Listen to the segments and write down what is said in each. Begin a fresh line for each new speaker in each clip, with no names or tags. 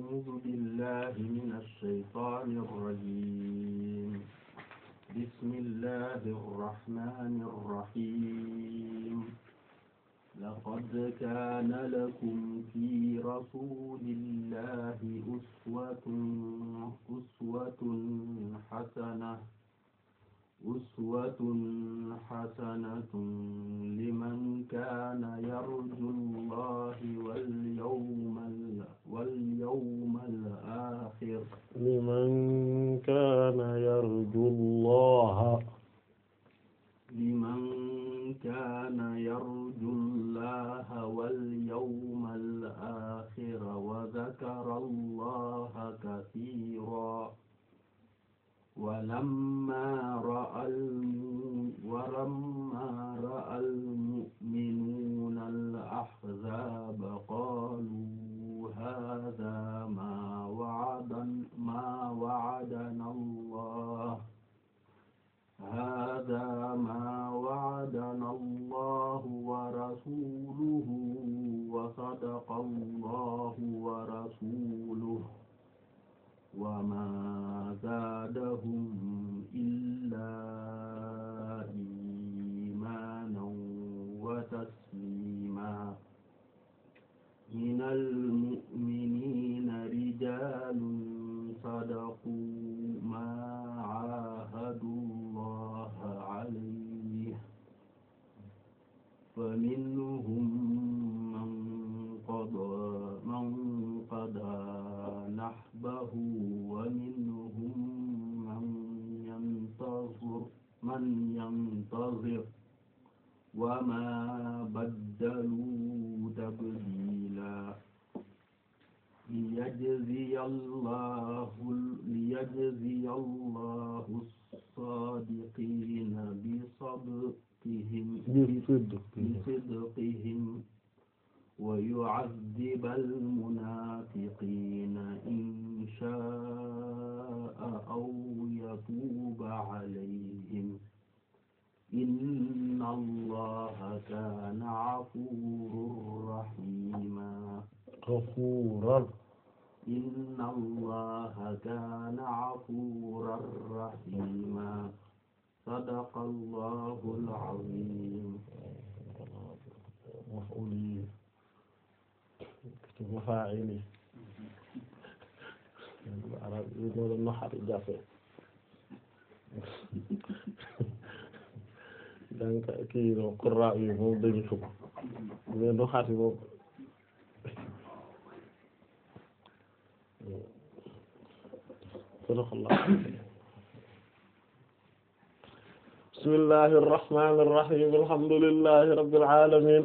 أعوذ بالله من الشيطان الرجيم بسم الله الرحمن الرحيم لقد كان لكم في رسول الله أسوة أسوة حسنة uswatun hasanatun liman kaana yarju llahi wal yawmal wal yawmal aakhir
liman kaana yarju
llaha liman kaana yarju llaha wal yawmal aakhir wa dhakara llaha kathiira ولما رأى ولما رأى المؤمنون الأحزاب قالوا هذا ما وعدنا ما وعدنا الله هذا ما وعدنا الله ورسوله وصدق الله ورسوله wa ma zaadahum illaa imaanan wa tasliimaa minal mu'miniina rijaalun sadaqu maa aahadu llaaha alayhi fa minhum من ينتظر وما بدلوا تبديلا ليجزي الله ليجزي الله الصادقين بصدقهم بصدقهم ويعذب المنافقين إن شاء أو يتوب عليهم إن الله كان غفورا رحيما
غفورا
إن الله كان غفورا رحيما صدق الله العظيم
mafaa'ili arab yi noonu noxat alamin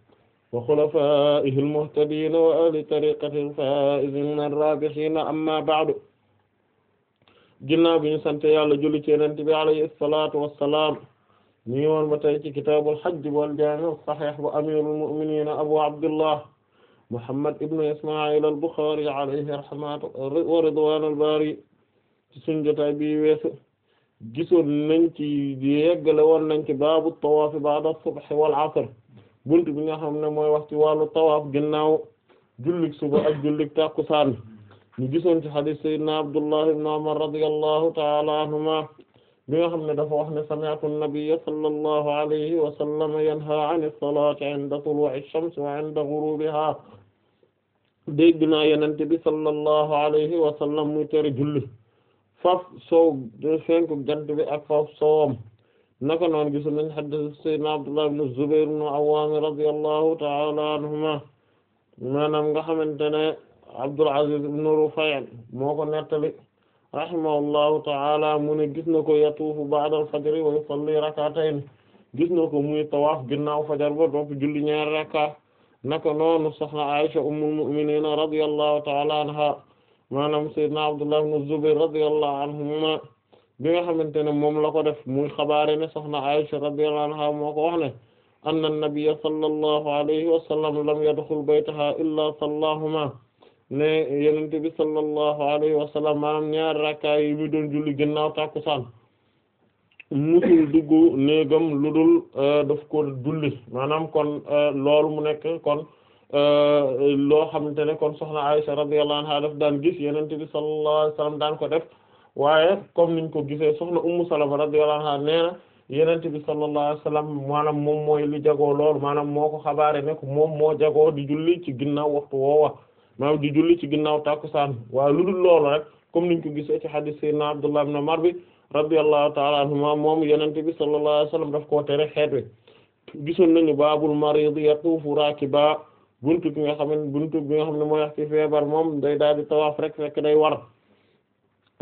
وخلفائه المهتدين وأهل طريقته الفائزين الرابحين أما بعد ginnaaw bi ñu sant yàlla julli ci yonent bi alayhi salaatu wassalaam ñu ngi woon ba tey ci kitaabul hajj wal jaami' as-sahiih bu amiirul mu'miniin abu abdullah muhammad ibnu isma'il al-Bukhari alayhi rahmatu wa ridwaanul baari ci suñu jotaay bi weesu gisoon nañ ci yeggale woon nañ ci baabu tawaaf ba'da subh wal asr bunt bi nga xam ne mooy wax ci wàllu tawaaf ginnaaw jullik suba ak jullik tàkkusaan ñu gisoon ci hadith sayyidina Abdullah ibn Umar radiyallahu ta'ala anhuma bi nga xam ne dafa wax ne sami'tu an-nabiyya sallallahu alayhi wa sallam yanha 'ani as-salati 'inda tulu'i ash-shams wa bi ak faf soowam naka noon gisul nañ hadith sayyidina Abdullah ibn Zubayr ibn Awwam radiyallahu ta'ala anhuma maanaam nga xamante ne Abdul Aziz ibn Rufay' moo ko nettali rahimahullahu ta'ala mu ne gis na ko yatuufu ba'da al-fajr wa yusalli rak'atayn gis na ko muy tawaaf ginnaaw fajar ba dopp julli ñaari rakka naka noonu soxna Aisha ummul mu'minin radiyallahu ta'ala anha maanaam sayyidina Abdullah ibn Zubayr radiyallahu anhuma bi nga xamante ne moom la ko def muy xabaare ne soxna Aisha radiyallahu anha moo ko wax ne anna nabiyya sallallahu alayhi wa sallam lam yadxul baytaha illa sallahuma ne yenente bi sallallahu alayhi wa sallam maanaam ñaari rakkaa yi mu doon julli ginnaaw tàkkusaan musul dugg néegam lu dul euh, daf ko julli maanaam kon euh, loolu mu nekk kon euh, loo xamante ne kon soxna Aisha radiyallahu anha daf daan gis yenente bi sallallahu alayhi wa sallam daan ko def waaye comme niñ ko gisee soxna ummu salama radiyallahu anha nee na yenente bi sallallahu alayhi wasallam maanaam moom mooy lu jagoo lool maanaam moo ko xabaare ne moom moo jagoo di julli ci ginnaaw waxtu woowa maanaam di julli ci ginnaaw tàkkusaan waaye lu dul loolu rek comme niñ ko gisee ci hadith sayyidina Abdullah ibn Umar bi radiyallahu ta'ala anhuma moom yenente bi sallallahu alayhi wasallam daf koo tere xeet wi gisoon nañu baabul marid yatuufu raakiba buntu bi nga xam ne buntu bi nga xam ne mooy wax feebar moom day daal di tawaaf rek fekk day war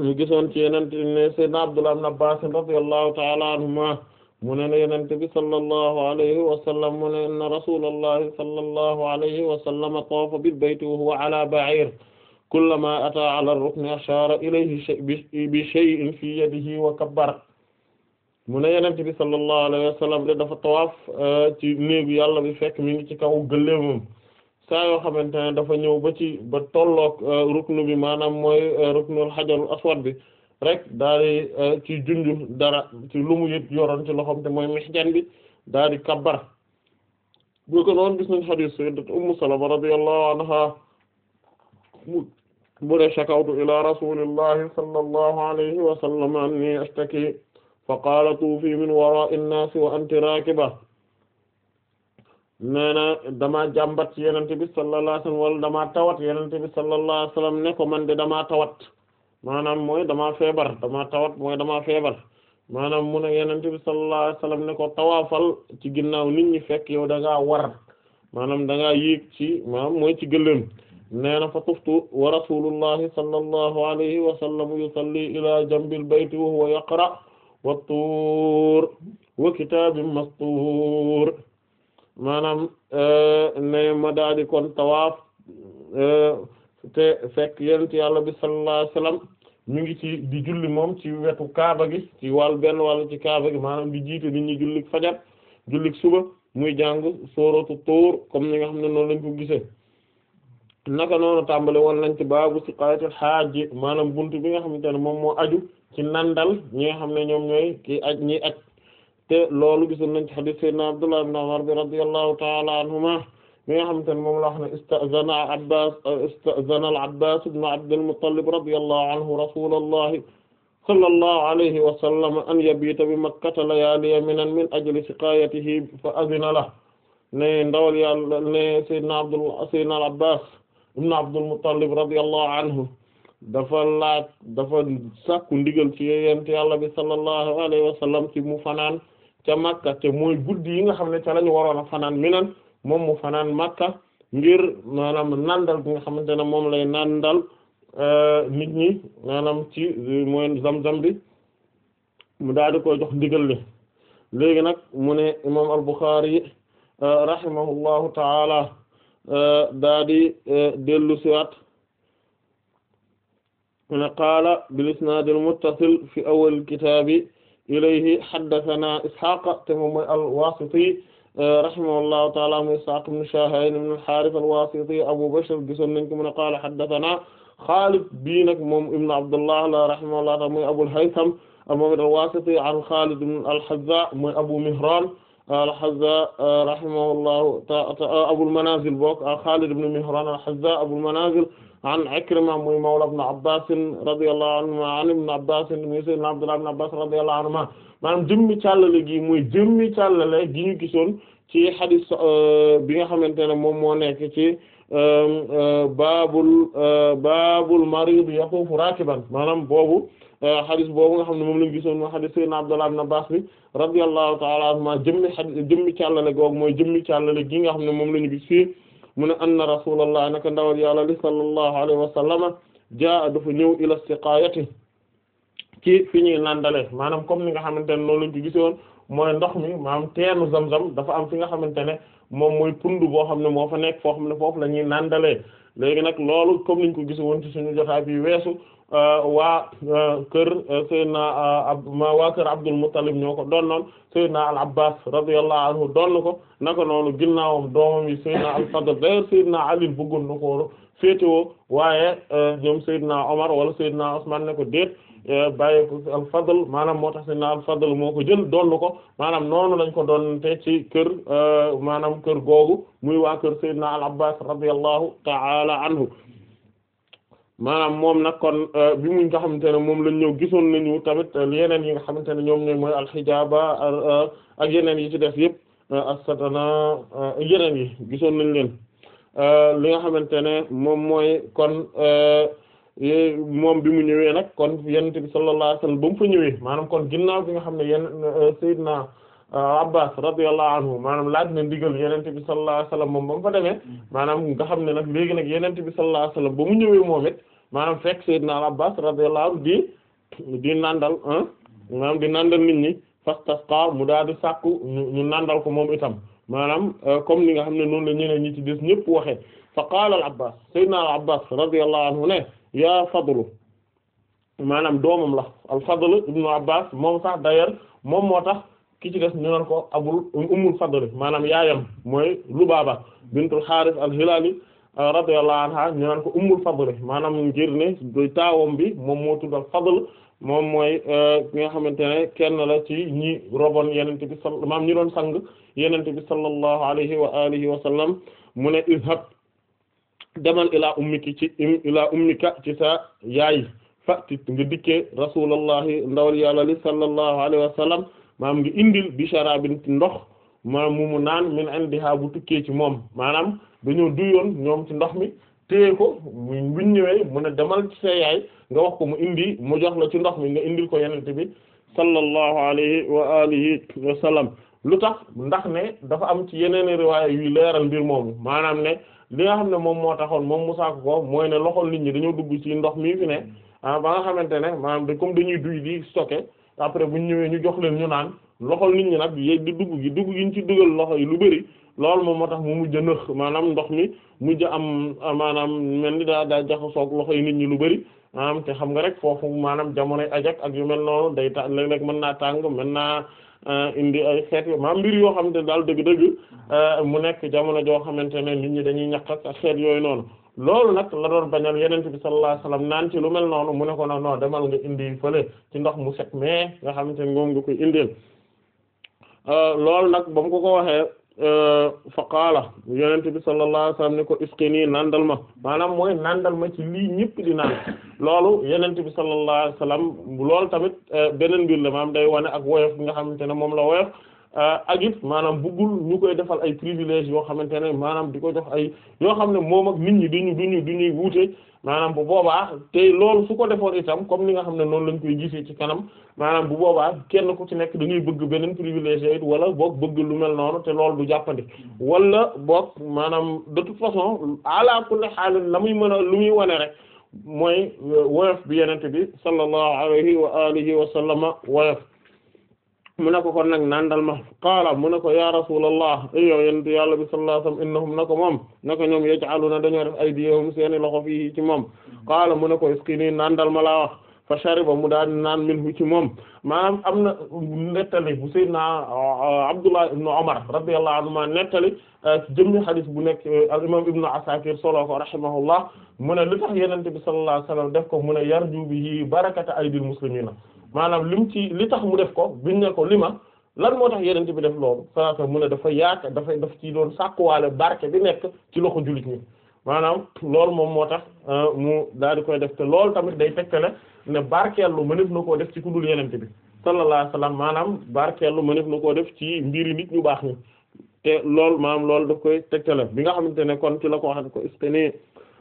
ñu gisoon ci yenente ne sayyidna Abdullah ibn Abbas radiyallahu ta'ala anhuma mu ne yenente bi sallallahu alayhi wa sallam mu ne inna rasulallahi sallallahu alayhi wa sallam tawafa bil bayti wa huwa ala ba'ir kullama ata ala ar-rukni ashara ilayhi bi shay'in fi yadihi wa kabbara mu ne yenente bi sallallahu alayhi wa sallam de dafa tawaaf eh, ci néegu yàlla bi fekk mi ngi ci kaw gëléemam saa yoo xamante ne dafa ñëw ba ci ba tolloog euh, ruknu bi maanaam mooy euh, ruknul xajarul aswad bi rek daal di euh, ci junju dara ci lu mu ci loxoom te mooy mihjan bi daal di kabbar bu ko noonu gis nañ hadith sayyidat ummu salama radiyallahu anha mu ne shakawtu ila rasulillahi sallallahu alayhi wa sallam ashtaki fa qaala tuufi min wara'i an wa anti rakiba nee na damaa jàmbat ci yenente bi sallallahu alayhi wala damaa tawat yenente bi sallallahu alayhi wasallam ne ko man de damaa tawat maanaam mooy dama feebar damaa tawat mooy dama feebar maanaam mu ne yenente bi sallallahu alayhi wasallam ne ko tawaafal ci ginnaaw nit ñi fekk yow da war maanaam da ngaa yéeg ci maanaam mooy ci gëléem nee na fa tuftu wa rasulullahi sallallahu alayhi wa sallam yusalli ila jambil bayti wa huwa yaqra wa tuur wa kitaabin mastuur maanaam eh, ne ma daal di kon tawaaf eh, te fekk yonent yàlla bi sallallahu alayhi wasallam ngi ci di julli moom ci wetu kaaba gi ci wàll benn wàll ci kaaba gi maanaam di jiite nit ñi jullik fajar jullik suba muy jàng sooratu Tuur comme ni nga xam ne noonu lañ ko gisee naka noonu tàmbale woon nañ ci baabu siqaayatil xaaji maanaam bunt bi nga xamante ne moom moo aju ci nandal ñi nga xam ne ñoom ñooy kii aj ñi aj te loolu gisoon nañ ci hadith sayyidina Abdullah ibn Umar bi radiyallahu ta'ala anhuma mi nga xamante ne moom la wax ne ista'zana Abbas ista'zana al-Abbas ibn Abd al-Muttalib radiyallahu anhu rasulallahi sallallahu alayhi wa sallam an yabita bi Makkata layaliya minan min ajli siqayatihi fa azina lahu ne ndawal yàlla ne sayyidina Abdullah sayyidina al-Abbas ibn Abd al-Muttalib radiyallahu anhu dafa laaj dafa sàkku ndigal ci yonent yàlla bi sallallahu alayhi wa sallam ci mu fanaan ca Makka te mooy guddi yi nga xam ne ca lañu waroon a fanaan minan moom mu fanaan Makka ngir maanaam nandal bi nga xamante ne moom lay nandal euh, nit ñi maanaam ci mooy zam-zam bi mu daal di koy jox ndigal li léegi nag mu ne imaam al-Bukhari euh, rahimahullahu taala euh, daa di dellu siwaat mu ne qaala bil isnaadil muttasil fi awal kitaabi ilayhi haddathana Ishaq te moom mooy al-Wasiti rahimahullahu ta'ala mooy Ishaq ibn Shahayn ibn al-Harith al-Wasiti Abu Bishr gisoon nañ ko mu ne qaala haddathana Khalid bii nag moom ibn Abdullah la rahimahullahu ta'ala mooy Abul Haytham moom al-Wasiti an Khalid ibn al-Hazza mooy Abu Mihran al-Hazza rahimahullahu ta'ala Abul Manazil bokk Khalid ibn Mihran al-Hazza Abul Manazil an Ikrima muy mawla ibn Abbas radiyallahu anhuma an ibn Abbas muy sayyidina Abdullah ibn Abbas radiyallahu anhuma maanaam jëmmi càllale gi muy jëmmi càllale gi ñu gisoon ci xadis euh, bi nga xamante ne moom moo nekk ci euh, euh, baabul baabul marid yaqufu raakiban maanaam boobu xadis boobu nga xam ne moom lañu gisoon moo xadis sayyidina Abdullah ibn Abbas bi radiyallahu ta'ala anhuma jëmmi xadis jëmmi càllale googu mooy jëmmi càllale gi nga xam ne moom lañu gis fii mu ne anna rasulullah naka ndawal yàlla li sallallahu alayhi wa sallama jaa dafa ñëw ila siqaayati ci fi ñuy nandale maanaam comme ni nga xamante ne noonu lañ ko gisoon mooy ndox mi maam teenu zam-zam dafa am fi nga xamante ne moom mooy pund boo xam ne moo fa nekk foo ne foofu la ñuy nandalee léegi nag loolu comme niñ ko gis woon ci suñu jotaay bi weesu euh, waa euh, kër euh, Seydina waa kër Abdul Muttalib ñoo ko donnoon Seydina Al Abbas radiyallahu anhu donn ko naka noonu ginnaawam doomam yi Seydina Al Fadl d'ailleurs Seydina Ali bëggoon na ko féetewoo waaye ñoom Seydina Omar wala Seydina Ousmane ne ko déet. Eh, bàyyi ko al fadl maanaam moo tax si na al moo ko jël doon ko maanaam noonu lañ ko doon te ci kër eh, maanaam kër googu muy waa kër Seydina al Abbas radiyallahu ta'ala anhu maanaam moom nag kon eh, bi mu nga xamante ne moom lañ ñëw gisoon nañu tamit yeneen yi nga xamante ne ñoom ñooy mooy alxijaaba ak yeneen yi ci def yëpp sadona yeneen yi gisoon nañ leen li nga xamante ne moom mooy kon moom bi mu ñëwee nag kon yonent bi sallallahu alayhi wasallam ba mu fa ñëwee maanaam kon ginnaaw bi nga xam ne yenn euh, Seydina euh, Abbas radiyallahu anhu maanaam laaj na ndigal yonent bi sallallahu alayhi wasallam moom ba mu fa demee maanaam nga xam ne nag léegi nag yonent bi sallallahu alayhi wasallam ba mu ñëwee moom it maanaam fekk Seydina Abbas radiyallahu anhu di di nandal maanaam di nandal nit ñi fastasqa mu daal di sàkku ñu nandal ko moom itam maanaam euh, comme ni nga xam ne noonu la ñeneen ñi ci des ñëpp waxee fa qaala al Abbas Seydina al Abbas radiyallahu ne yaa fadlu maanaam doomam la al-Fadl ibnu Abbas moom sax d'ailleurs moom moo tax ki ci des ñu naan ko abul ummul Fadl maanaam yaayam mooy Lubaaba bintul Haaris al-Hilaali euh, radiyallahu anha ñu naan ko ummul Fadl maanaam ngir ne taawam bi moom moo tudd al moom mooy euh, ki nga xamante ne kenn la ci ñi robon yenente bi sal maam ñi doon sang yenen bi sallallahu alayhi wa alihi wa sallam mu ne izhab demal ilaa ummiki ci ilaa ummika ci sa yaay fati nga dikkee rasulallahi ndawal yàlla li sallallahu alayhi wa sallam maam nga indil bi sharabin ndox maam mu mu naan min indiha bu tukkee ci moom maanaam dañoo duyoon ñoom ci ndox mi téye ko buñ ñëwee mu ne demal ci nga wax ko mu indi mu jox la ci ndox mi nga indil ko yenente bi sallallahu alayhi wa alihi wa lu tax ndax ne dafa am ci yeneen riwaaya yuy leeral mbir moomu maanaam ne li nga xam ne moom moo taxoon moom mu sàkk ko mooy ne loxol nit ñi dañoo dugg ci ndox mii fi ne ah ba nga xamante ne maanaam da comme dañuy duy di stocké après bu ñu ñëwee ñu jox leen ñu naan loxol nit ñi nag yéeg di dugg gi dugg gi ñu ci dugal loxo yi lu bëri loolu moom moo tax mu mujj a nëx maanaam ndox mi mujj a am ah, maanaam mel ni daa daa jaxasoog loxo yi nit ñi lu bëri maanaam te xam nga rek foofu maanaam jamonoy ajak ak yu mel noonu day ta léeg-léeg mën naa tàng mën naa Euh, indi ay xeet maa mbir yoo xam ne daal dëgg-dëgg euh, mu nekk jamono joo xamante ne nit ñi dañuy ñaq ak xeet yooyu noonu loolu nag la doon bañal yeneen bi sallallahu alayhi wasallam naan ci lu mel noonu mu nekkoon ko non non demal nga indi fële ci ndox mu set mais nga xamante ne moom nga koy indil euh, loolu nag ba mu ko ko waxee. Euh, fa qaala yonent bi sallallahu alayhi wa ne ko isqini nandal ma maanaam mooy nandal ma ci lii ñëpp di naan loolu yonent bi sallallahu alayhi wa loolu tamit euh, beneen mbir la maanaam day wane ak woyof bi nga xamante ne moom la woyof euh, ak it maanaam buggul ñu koy defal ay privilèges yoo xamante ne maanaam di ko jox ay yoo xam ne moom ak nit ñi duñu duñu duñuy wuute maanaam bu boobaa tey loolu su ko defoon itam comme ni nga xam ne noonu lañ koy gisee ci kanam maanaam bu boobaa kenn ku ci nekk da ngay bëgg beneen privilégié it wala book bëgg lu mel noonu te loolu bu jàppandi walla book maanaam de toute façon ala kulli la muy mën a lu muy wane rek mooy woyof bi yenente bi sallallahu alayhi wa alihi wa sallama woyof mu ne ko kon nag nandal ma qaala mu ne ko ya rasulallah yow yentu yàlla bi sallallahu alayhi wasallam na ko moom na ko ñoom yaj'aluna dañoo def aydiyahum seeni loxo fii ci moom qaala mu ne ko isqini nandal ma laa wax fa shariba mu daal naan minhu ci moom maa am na nettali bu sayyidina euh, Abdullah ibn Umar radiyallahu anhuma nettali euh, jëmmi xadis bu nekk euh, al imam ibnu Asakir solo ko rahimahullah mu ne li tax yenente bi sallallahu alayhi wasallam def ko mu ne yarju bihi barakata aydil muslimina maanaam lim ci li tax mu def ko biñ ne ko lima lan moo tax yenente bi def loolu salaata mu ne dafa yaaka dafa def ci doon sàkkuwaale barke bi nekk ci loxo jullit ñi maanaam loolu moom moo tax euh, mu daal di koy def te lool tamit day tegtale ne barkeellu mënef na koo def ci ku dul yenente bi sallallahu alayhi wasallam maanaam barkeellu mënef na koo def ci mbiri nit ñu baax ñi te loolu maanaam loolu daf koy tegtale bi nga xamante ne kon ci la ko waxee ko istani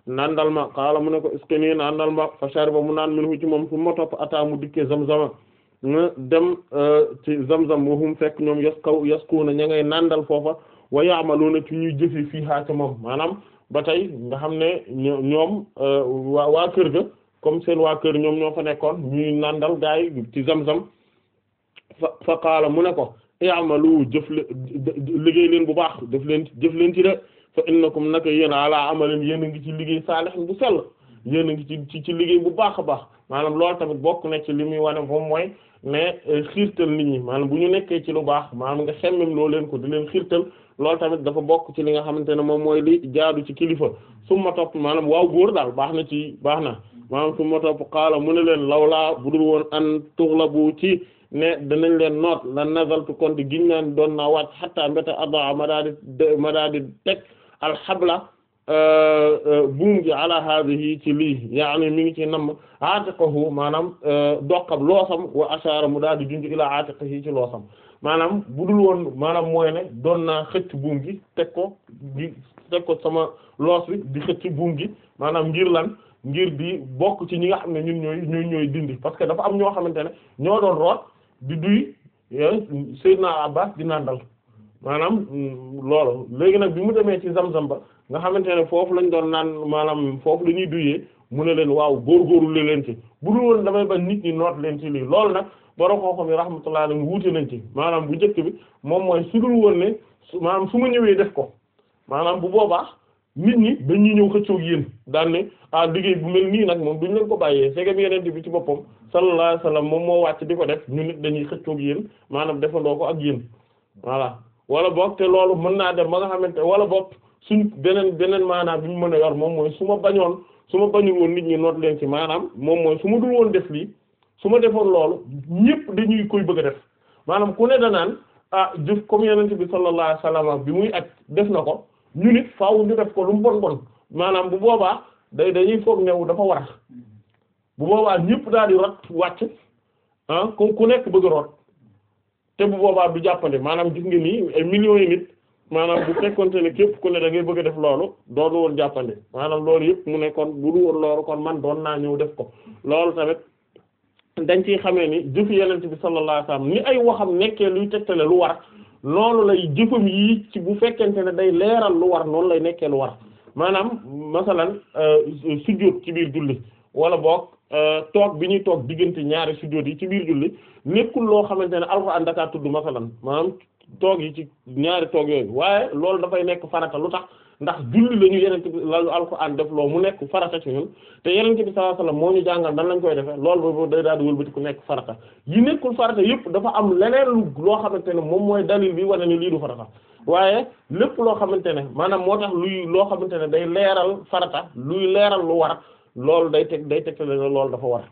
nandal ma kaala mu ne ko iskini nandal ma fa shariba mu naan minhu ci moom summa topp ataa mu dikkee zamzama mu dem euh, ci zamzam wa hum fekk ñoom yas kaw yas kaw na ña ngay nandal foofa wa ya'maluna ci ñuy jëfi fi haa ca moom maanaam ba tey nga xam ne ñoom euh, waa waa kër ga comme seen waa kër ñoom ñoo fa nekkoon muy nandal gaa yi ci sam fa fa mu ne ko i'malu jëf liggéey leen bu baax jëf leen jëf leen fa innakum naka yéen ala amalin yéen a ngi ci liggéey saalihin bu sell yéen a ngi ci ci liggéey bu baax a baax maanaam loolu tamit bokk na ci li muy wane moom mooy ne eh, xiirtal nit ñi maanaam bu ñu nekkee ci lu baax maanaam nga xemmem loo leen ko di leen xiirtal loolu tamit dafa bokk ci li nga xamante ne moom mooy li jaadu ci kilifa summa topp maanaam waaw góor daal baax na ci baax na maanaam summa topp xaala mu ne leen lawlaa budul woon an tughlabu ci ne danañ leen noot la nazaltu kon di giñ naan doon naa wàcc xatta mbéta adaa ma ma daa di teg alxabla euh, euh, buum gi ala haadihi ci lii yaani mi ngi ci namm aatiqahu maanaam euh, doqam loosam wa ashaara mu daal di junj ila aatiqihi ci loosam maanaam budul woon maanaam mooy ne doon naa xëcc buum gi teg ko di teg ko sama loos bi di xëcc buum gi maanaam ngir lan ngir di bokk ci ñi nga xam ne ñun ñooy ñooy ñooy dindi parce que dafa am ñoo xamante ne ñoo doon root di duy eh, Seydina Abbas di nandal maanaam mm, loolu léegi nag bi mu demee ci zam-zam ba nga xamante ne foofu lañ doon naan maanaam foofu la ñuy duyee mu ne leen waaw góorgóorlu le leen ci bu dul woon damay ba nit ñi noot leen ci lii loolu nag borom xam-xam yi rahmatullah alayhi wuute nañ ci maanaam bu njëkk bi moom mooy su dul woon ne maanaam su ma ñëwee def ko maanaam bu boobaa nit ñi dañuy ñëw xëccoog yéen daan ne ah liggéey bu mel nii nag moom duñ leen ko bàyyee segam yeneen bi ci boppam sallallahu alayhi wasallam moom moo wàcc di ko def ñu nit dañuy xëccoog yéen maanaam defandoo ko ak yéen voilà wala boog te loolu mën naa dem ba nga xamante wala boog suñ beneen beneen maanaam bi mu mën a yor moom mooy su ma bañoon su ma bañul woon nit ñi noot leen ci maanaam moom mooy su ma dul woon def lii su ma defoon loolu ñépp dañuy koy bëgg a def maanaam ku ne danaan ah jëf comme yonent bi sallallahu alayhi wasallam bi muy at def na ko ñu nit ñu def ko lu mu bon bon maanaam bu boobaa day dañuy foog newu dafa war bu boobaa ñépp daal di rot wàcc ah ku nekk bëgg a rot te boobaa du jàppandi maanaam gis nga nii ay millions yi nit maanaam bu fekkonte ne képp ku ne da bëgg a def loolu doonu woon jàppandi maanaam loolu yëpp mu nekkoon bu du woon loolu kon man doon naa ñëw def ko loolu tamit dañ ciy xamee ni jëf yenent bi sallallahu alayhi wasallam ni ay waxam nekkee luy tegtale lu war loolu lay jëfam yi ci bu fekkente ne day leeral lu war noonu lay nekkee lu war maanaam masalan euh, sujjóot ci biir julli wala boog Euh, toog bi ñuy toog diggante ñaari sujjóot yi ci biir julli nekkul loo xamante ne alxuraan dakaa tudd masalan maanaam toog yi ci ñaari toog yooyu waaye loolu dafay nekk farata lu tax ndax julli la ñu yenente bi lañu alxuraan def loo mu nekk farata ci ñun te yenente bi sallallahu alayhi moo ñu jàngal nan lañ koy defee loolu ba day daal di wëlbati ku nekk farata yi nekkul farata yépp dafa am leneen lu loo xamante ne moom mooy dalil bi wane nañu lii du farata waaye lépp loo xamante ne maanaam moo luy loo xamante ne day leeral farata luy leeral lu war loolu day teg day tegtale ne loolu dafa war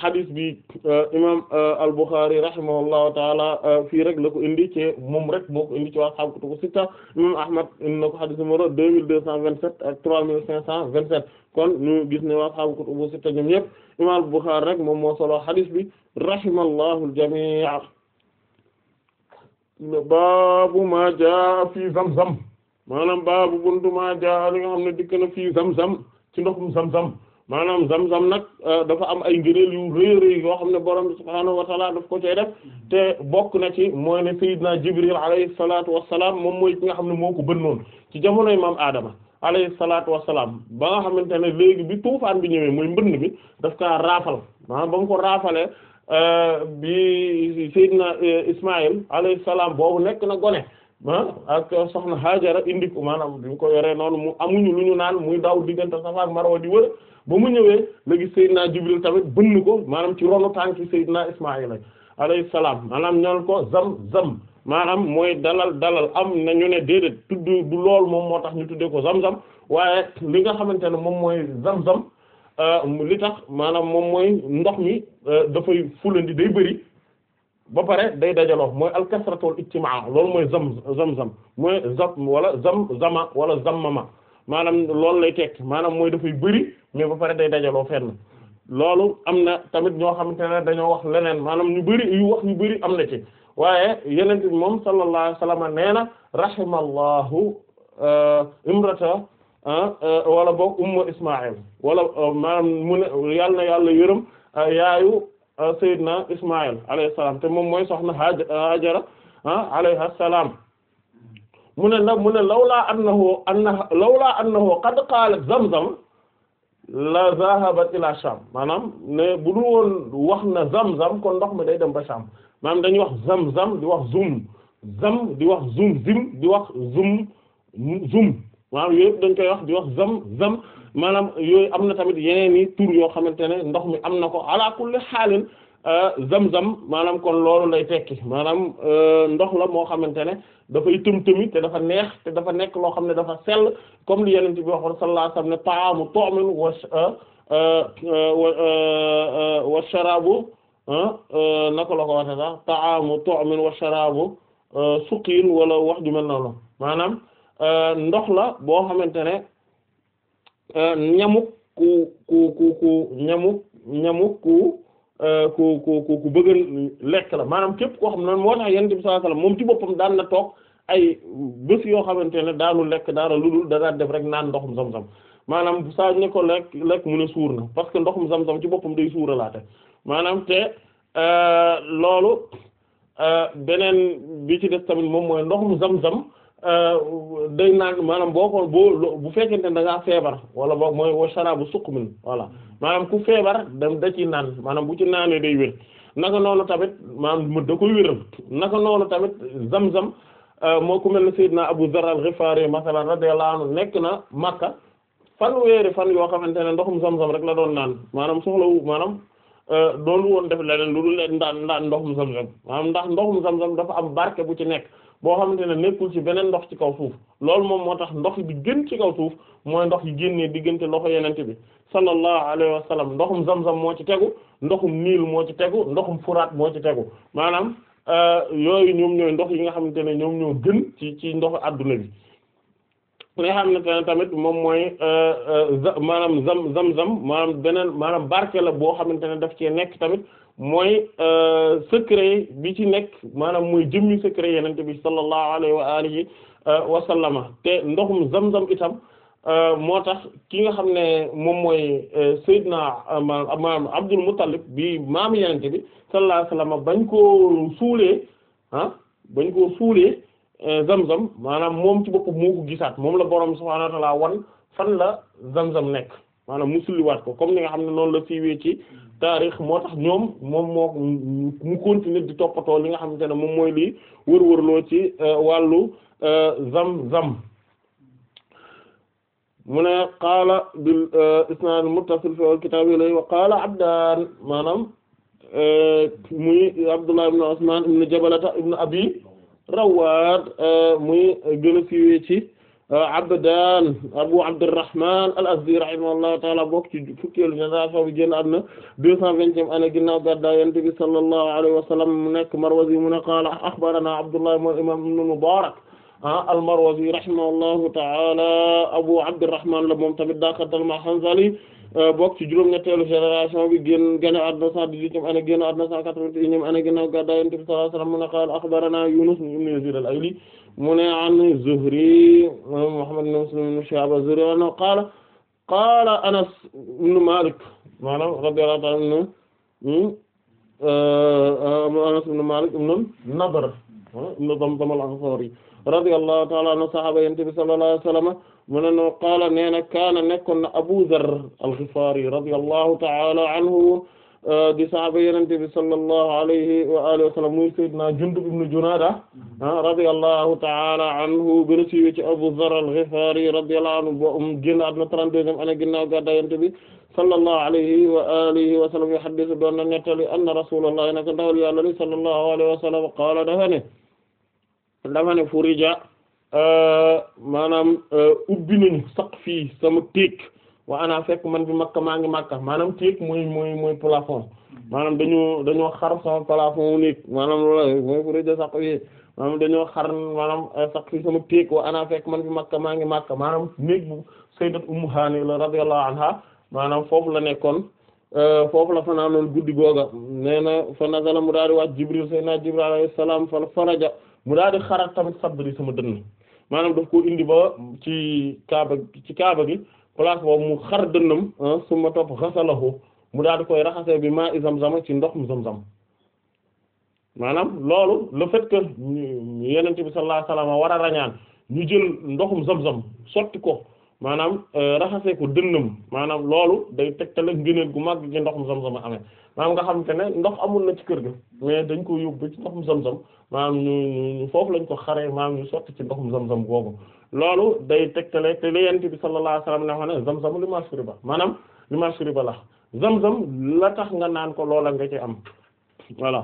xadis ah, bi ah, imam ah, al-Bukhari rahimahullahu taala fii rek la ko indi ci moom rek moo ko indi ci waa xam kutubu sitta imam Ahmad indi na ko xadis numéro deux mille deux cent vingt-sept trois mille cinq cent vingt-sept kon ñu gis ne waa xam kutubu sitta ñoom imam al-Bukhari rek moom moo solo xadis bi rahimallahu al-jami' baabu ma jaa fi zamzam maanaam baabu buntu maa jaa li nga xam ne dikk na fii zam-zam ci ndoxum sam sam maanaam zam-zam nag euh, dafa am ay ngëneel yu rëy rëy yoo xam ne borom bi subhaanahu wa taala daf ko ci def te bokk na ci mooy ne Seydina Jibril alayhi salaatu moom mooy ki nga xam ne moo ko bënnoon ci jamonoy maam Adama alayhi salaatu wa salaam ba nga xamante ne léegi bi tuufaan bi ñëwee mooy mbënn bi daf kaa raafal maanaam ba mu ko raafalee euh, bi Seydina euh, Ismaïl alayhi salaam boobu gone Ah, ak soxna Haajara indi ko maanaam bi ko yoree noonu mu amuñu lu ñu naan muy daw diggante Safa ak Marwa di wër ba mu ñëwee léegi Seydina Jibril tamit bënn ko maanaam ci ronu tànki Seydina Ismaayila alayhi salaam maanaam ñoon ko zam zam maanaam mooy dalal dalal am na ñu ne déedéet tudd du lool moom moo tax ñu tuddee ko zam zam waaye li nga xamante ne moom mooy zam zam euh, li tax maanaam moom mooy ndox mi euh, dafay fulandi day bëri. ba pare day dajaloo mooy alkasratul ijtimaa loolu mooy zam zam zam mooy zam wala zam zama wala zammama maanaam loolu lay tekki maanaam mooy dafay bëri mais ba pare day dajaloo fenn loolu am na tamit ñoo xamante ne dañoo wax leneen maanaam ñu bëri yu wax ñu bëri am na ci waaye yeneen bi moom sallallahu alayhi wasallam nee na rahimallahu euh, imrata euh, wala boog umma ismail wala euh, maanaam mu ne yàlla na yàlla yërëm yaayu Ah, Seydina Ismaïl te moom mooy soxna Haajara ah, ah, alayha salaam mu ne nag mu ne lawlaa annahu anna lawlaa annahu qad la zahabat ila Sham maanaam ne bu dul woon wax na Zamzam kon ndox mi day dem ba Sham maanaam dañuy wax Zamzam di wax zum zam di wax zum zim di wax zum zum maanaam yooyu dañ koy wax di wax zam zam maanaam yooyu am na tamit yeneen i tur yoo xamante ne ndox mi am na ko ala kulli xaalin zam-zam euh, maanaam kon loolu lay tekki maanaam euh, ndox la moo xamante ne dafa tëm-tëmi te dafa neex te dafa nekk loo xam ne dafa sel comme li yeneen bi waxoon sallallahu alayhi wasallam ne taamu tu'min wa euh, wa sharabu naka la ko wala wax ju mel noonu maanaam Euh, ndox la boo xamante ne euh, ñamuk ku ku ku ku ñamuk ñamuk ku euh, ku ku ku bëgg lekk la maanaam képp koo xam na moo tax yonent bi sallallahu alayhi moom ci boppam daan na toog ay bés yoo xamante ne daanu lekk dara lu dul dana def rek naan ndoxum zam-zam maanaam saa ñu ko lekk lekk mu ne suur na parce que ndoxum zam-zam ci boppam day suuralaate maanaam te loolu beneen bi ci des tamit moom mooy ndoxum zam-zam. day naan maanaam boo ko boo bu fekkente ne da ngaa feebar wala boog mooy woo wa sharabu suqmin voilà maanaam ku feebar dem da ci naan maanaam bu ci naanee day wér naka tamit maanaam da koy wéral naka tamit zam-zam euh, moo ku mel ne Seydina Abu Dharr al nekk na Makka fanweeri fan yoo xamante ne ndoxum zam-zam rek la doon naan maanaam soxlawu maanaam euh, doolu woon def leneen lu dul leen ndaan ndaan ndoxum zam-zam maanaam ndax ndoxum zam-zam dafa am barke bu ci nekk boo xamante ne nekkul ci beneen ndox ci kaw suuf loolu moom moo tax ndox bi gën ci kaw suuf mooy ndox yi génnee diggante loxo yenente bi sallallahu alayhi wa sallam ndoxum zam-zam moo ci tegu ndoxum niil moo ci tegu ndoxum furaat moo ci tegu maanaam euh, yooyu ñoom ñooy ndox yi nga xamante ne ñoom ñoo gën ci ci ndoxu adduna bi li nga xamante ne tamit moom mooy euh, euh, maanaam zam zam zam maanaam beneen maanaam barke la boo xamante ne daf cee nekk tamit mooy euh, secret bi ci nekk maanaam mooy jëmmi secret yenente bi sallallahu alayhi wa alihi euh, wa sallama te ndoxum zam-zam itam euh, moo tax ki nga xam ne moom mooy Seydina maam Abdul Muttalib bi maam yenente bi sallallahu alayhi bañ koo suulee ah, bañ koo suulee zam-zam maanaam moom ci boppam moo gisaat moom la borom subhaanahu wa ta'aala wan fan la zam-zam nekk maanaam mu sulliwaat ko comme ni nga xam ne noonu la siiwee ci taarix moo tax ñoom moom moo mu continuer di toppatoo li nga xamante ne moom mooy lii wër-wërloo ci euh, wàllu zam-zam euh, mu ne qaala bil euh, isnaad muttasil fi al-kitaab ilayhi wa qaala abdaan maanaam muy Abdullah ibn Usman ibn Jabalata ibn Abi Rawwaad muy gën a ci. Euh, Abdaan Abu Abdurrahman al-Azdi rahimahullahu ta'ala bokk ci fukkeelu génération bi génn àdduna deux cent vingtième année ginnaaw gàddaay Yonent bi sallallahu alayhi wa sallam mu nekk Marwazi mu ne qaala axbaranaa Abdullah ibn al-Imaam ibn al-Mubaarak ah, al-Marwazi rahimahullahu ta'ala Abu Abdurrahman la moom tamit daa xatal ma Hanzali Euh, bokk ci juróom-ñetteelu génération bi génn génn àdduna cent dix-huitième année génn àdduna cent quatre-vingt-unième année ginnaaw gàddaay Yonent bi sallallahu alayhi wa sallam mu ne qaala axbaranaa Yuunus ibn Yaziid al-Ayli mu ne an Zuhri Muhammad ibn Muslim ibn Shihaab az-Zuhri annahu qaala qaala Anas ibn Maalik maanaam radiyallahu ta'ala anhu hmm, euh, euh, Anas ibn Maalik ibn Nadr hmm, ibn Damdam al-Ansaari radiyallahu ta'ala anhu sahaaba Yonent bi sallallahu alayhi wa sallam mu ne no qaala nee na kaana nekkoon na Abu Dharr al-Ghifari radiyallahu ta'ala anhu euh, di sahaaba yenente bi sallallahu alayhi wa alihi wa sallam muy sayyidina Jundub ibn Junaada ah, radiyallahu ta'ala anhu bi rasuwi ci Abu Dharr al-Ghifari radiyallahu anhu bo um génn adna 32e année ginnaaw gàddaay yenente bi sallallahu alayhi wa alihi wa sallam yuhaddisu doon na nettali anna rasulullah nako ndawal Yàlla li sallallahu alayhi wa sallam qaala dafa ne dafa ne furija Euh, maanaam euh, ubbi nañu saq fii sama téeg wa ana fekk man bi makka maa ngi makka maanaam téeg mooy mooy mooy plafond maanaam dañoo dañoo xar sama plafond wu nekk maanaam loolu mooy bu rëdd saq fii maanaam dañoo xar maanaam euh, saq fii sama téeg wa ana fekk man bi makka maa ngi makka maanaam néeg bu sayyidat ummu hani la radiyallahu anha maanaam foofu la nekkoon foofu la fanaanoon guddi googa nee na fa nazala mu daal di wàcc jibril sayyidina jibril alayhi salaam fa faraja mu daal di xarat tamit sabri sama dënn maanaam daf ko indi ba ci kaaba ci kaaba gi place boobu mu xar dënnam ah, su ma topp xasalahu mu daal di koy raxasee bi maa i zam-zam ci ndox mu zam-zam maanaam loolu la fait que yenente bi sallallahu alayhi war a rañaan ñu jël ndoxum zam-zam sotti ko maanaam euh, raxasee ko dënnam maanaam loolu day tegtal ak ngëneel gu mag gi ndoxum sam-sam amee maanaam nga xam te ndox amul na ci kër gi mais dañ ko yóbbu ci ndoxum sam-sam maanaam ñu ñu foofu lañ ko xaree maanaam ñu sotti ci ndoxum sam-sam googu loolu day tegtale te li yent bi sallallahu alayhi wasallam ne xam ne zam-zam li mashriba maanaam li mashriba la zam-zam la tax nga naan ko loola nga ci am voilà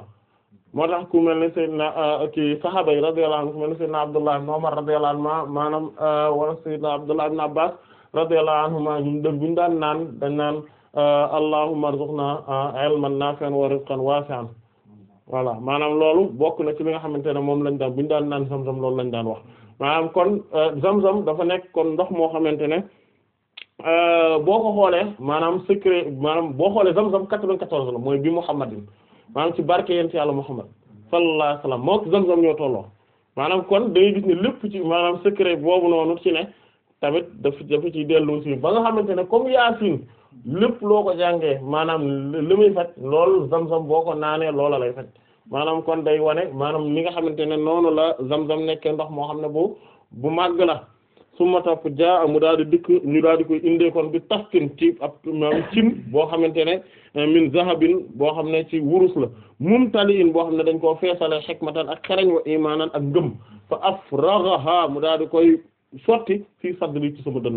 moo tax ku mel na Seydina uh, ki sahaaba yi radiyallahu anhu ku mel ne Seydina Abdullah ibn Umar radiyallahu anhu maanaam uh, wala Seydina Abdullah ibn Abbas radiyallahu anhuma ñun dëgg buñu daan naan dañ naan uh, allahumma arzuqna ilman nafi'an wa rizqan wasi'an voilà maanaam loolu bokk na ci li nga xamante ne moom lañ daan buñu daan naan zam-zam loolu lañ daan wax maanaam kon zam-zam dafa nekk kon ndox moo xamante ne boo ko xoolee maanaam secret maanaam boo xoolee zam-zam quatre-vingt-quatorze la mooy bi maanaam ci barke yent yàlla Muhammad sallallahu alayhi wa sallam moo ko zam-zam ñoo tolloo maanaam kon day gis ne lépp ci maanaam secret boobu noonu ci ne tamit daf dafa ciy dellu si ba nga xamante ne comme Yaasin lépp loo ko jàngee maanaam li muy faj loolu zam-zam boo ko naanee loola lay faj maanaam kon day wane maanaam li nga xamante ne noonu la zam-zam nekkee ndox moo xam ne bu bu màgg la summa topp jaa mu daal di dikk ñu daal di koy indee kon bi taskin ci ab maanaam cim boo xamante ne eh, min zahabin boo xam ne ci wurus la mumtaliin boo xam ne dañ koo feesale xikmatan ak xereñ wa imaanan ak ngëm fa afraghaha mu daal di koy sotti fii sadri ci sama dënn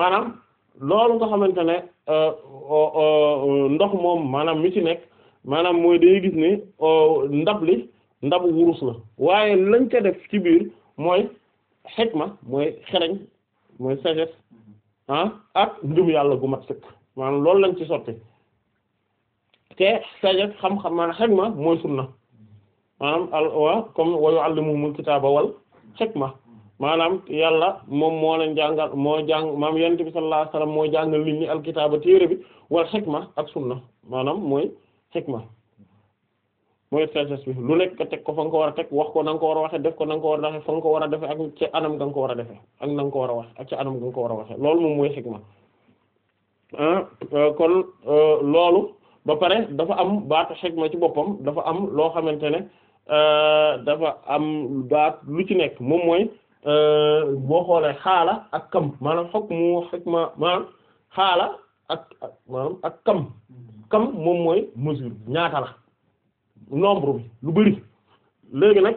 maanaam loolu nga xamante ne eh, ndox moom maanaam mi ci nekk maanaam mooy day gis ne ndab li ndabu wurus la waaye lañ ca def ci biir mooy ma mooy xereñ mooy sagesse ah ak ngëm yàlla gu mat sëkk maanaam loolu lañ ci sotti te sagesse xam-xam maanaam ma mooy sunna maanaam al wa comme wa yu'allimuhumul kitaaba wal ma maanaam yàlla moom moo leen jàngal moo jàng maam yonent bi sallallahu alayhi moo jàngal nit ñi alkitaaba téere bi wal xikma ak sunna maanaam mooy ma mooy lu nekk teg ko fa nga ko war a teg wax ko na nga ko war a waxe def ko na nga ko war a waxe fa nga ko a defe ak ko war defe ak na nga ko war a waxe ak ca anam nga nga ko war a waxe loolu moom mooy xikma ah, euh, kon euh, loolu ba pare dafa am baat baatu ma ci boppam dafa am loo xamante ne euh, dafa am baat lu ci nekk moom mooy boo xoolee xaala ak kam maanaam xokk mu xikma maanaam xaala ak ak kam mm-hmm. kam moom mooy mesure ñaata la nombre bi lu bëri léegi nag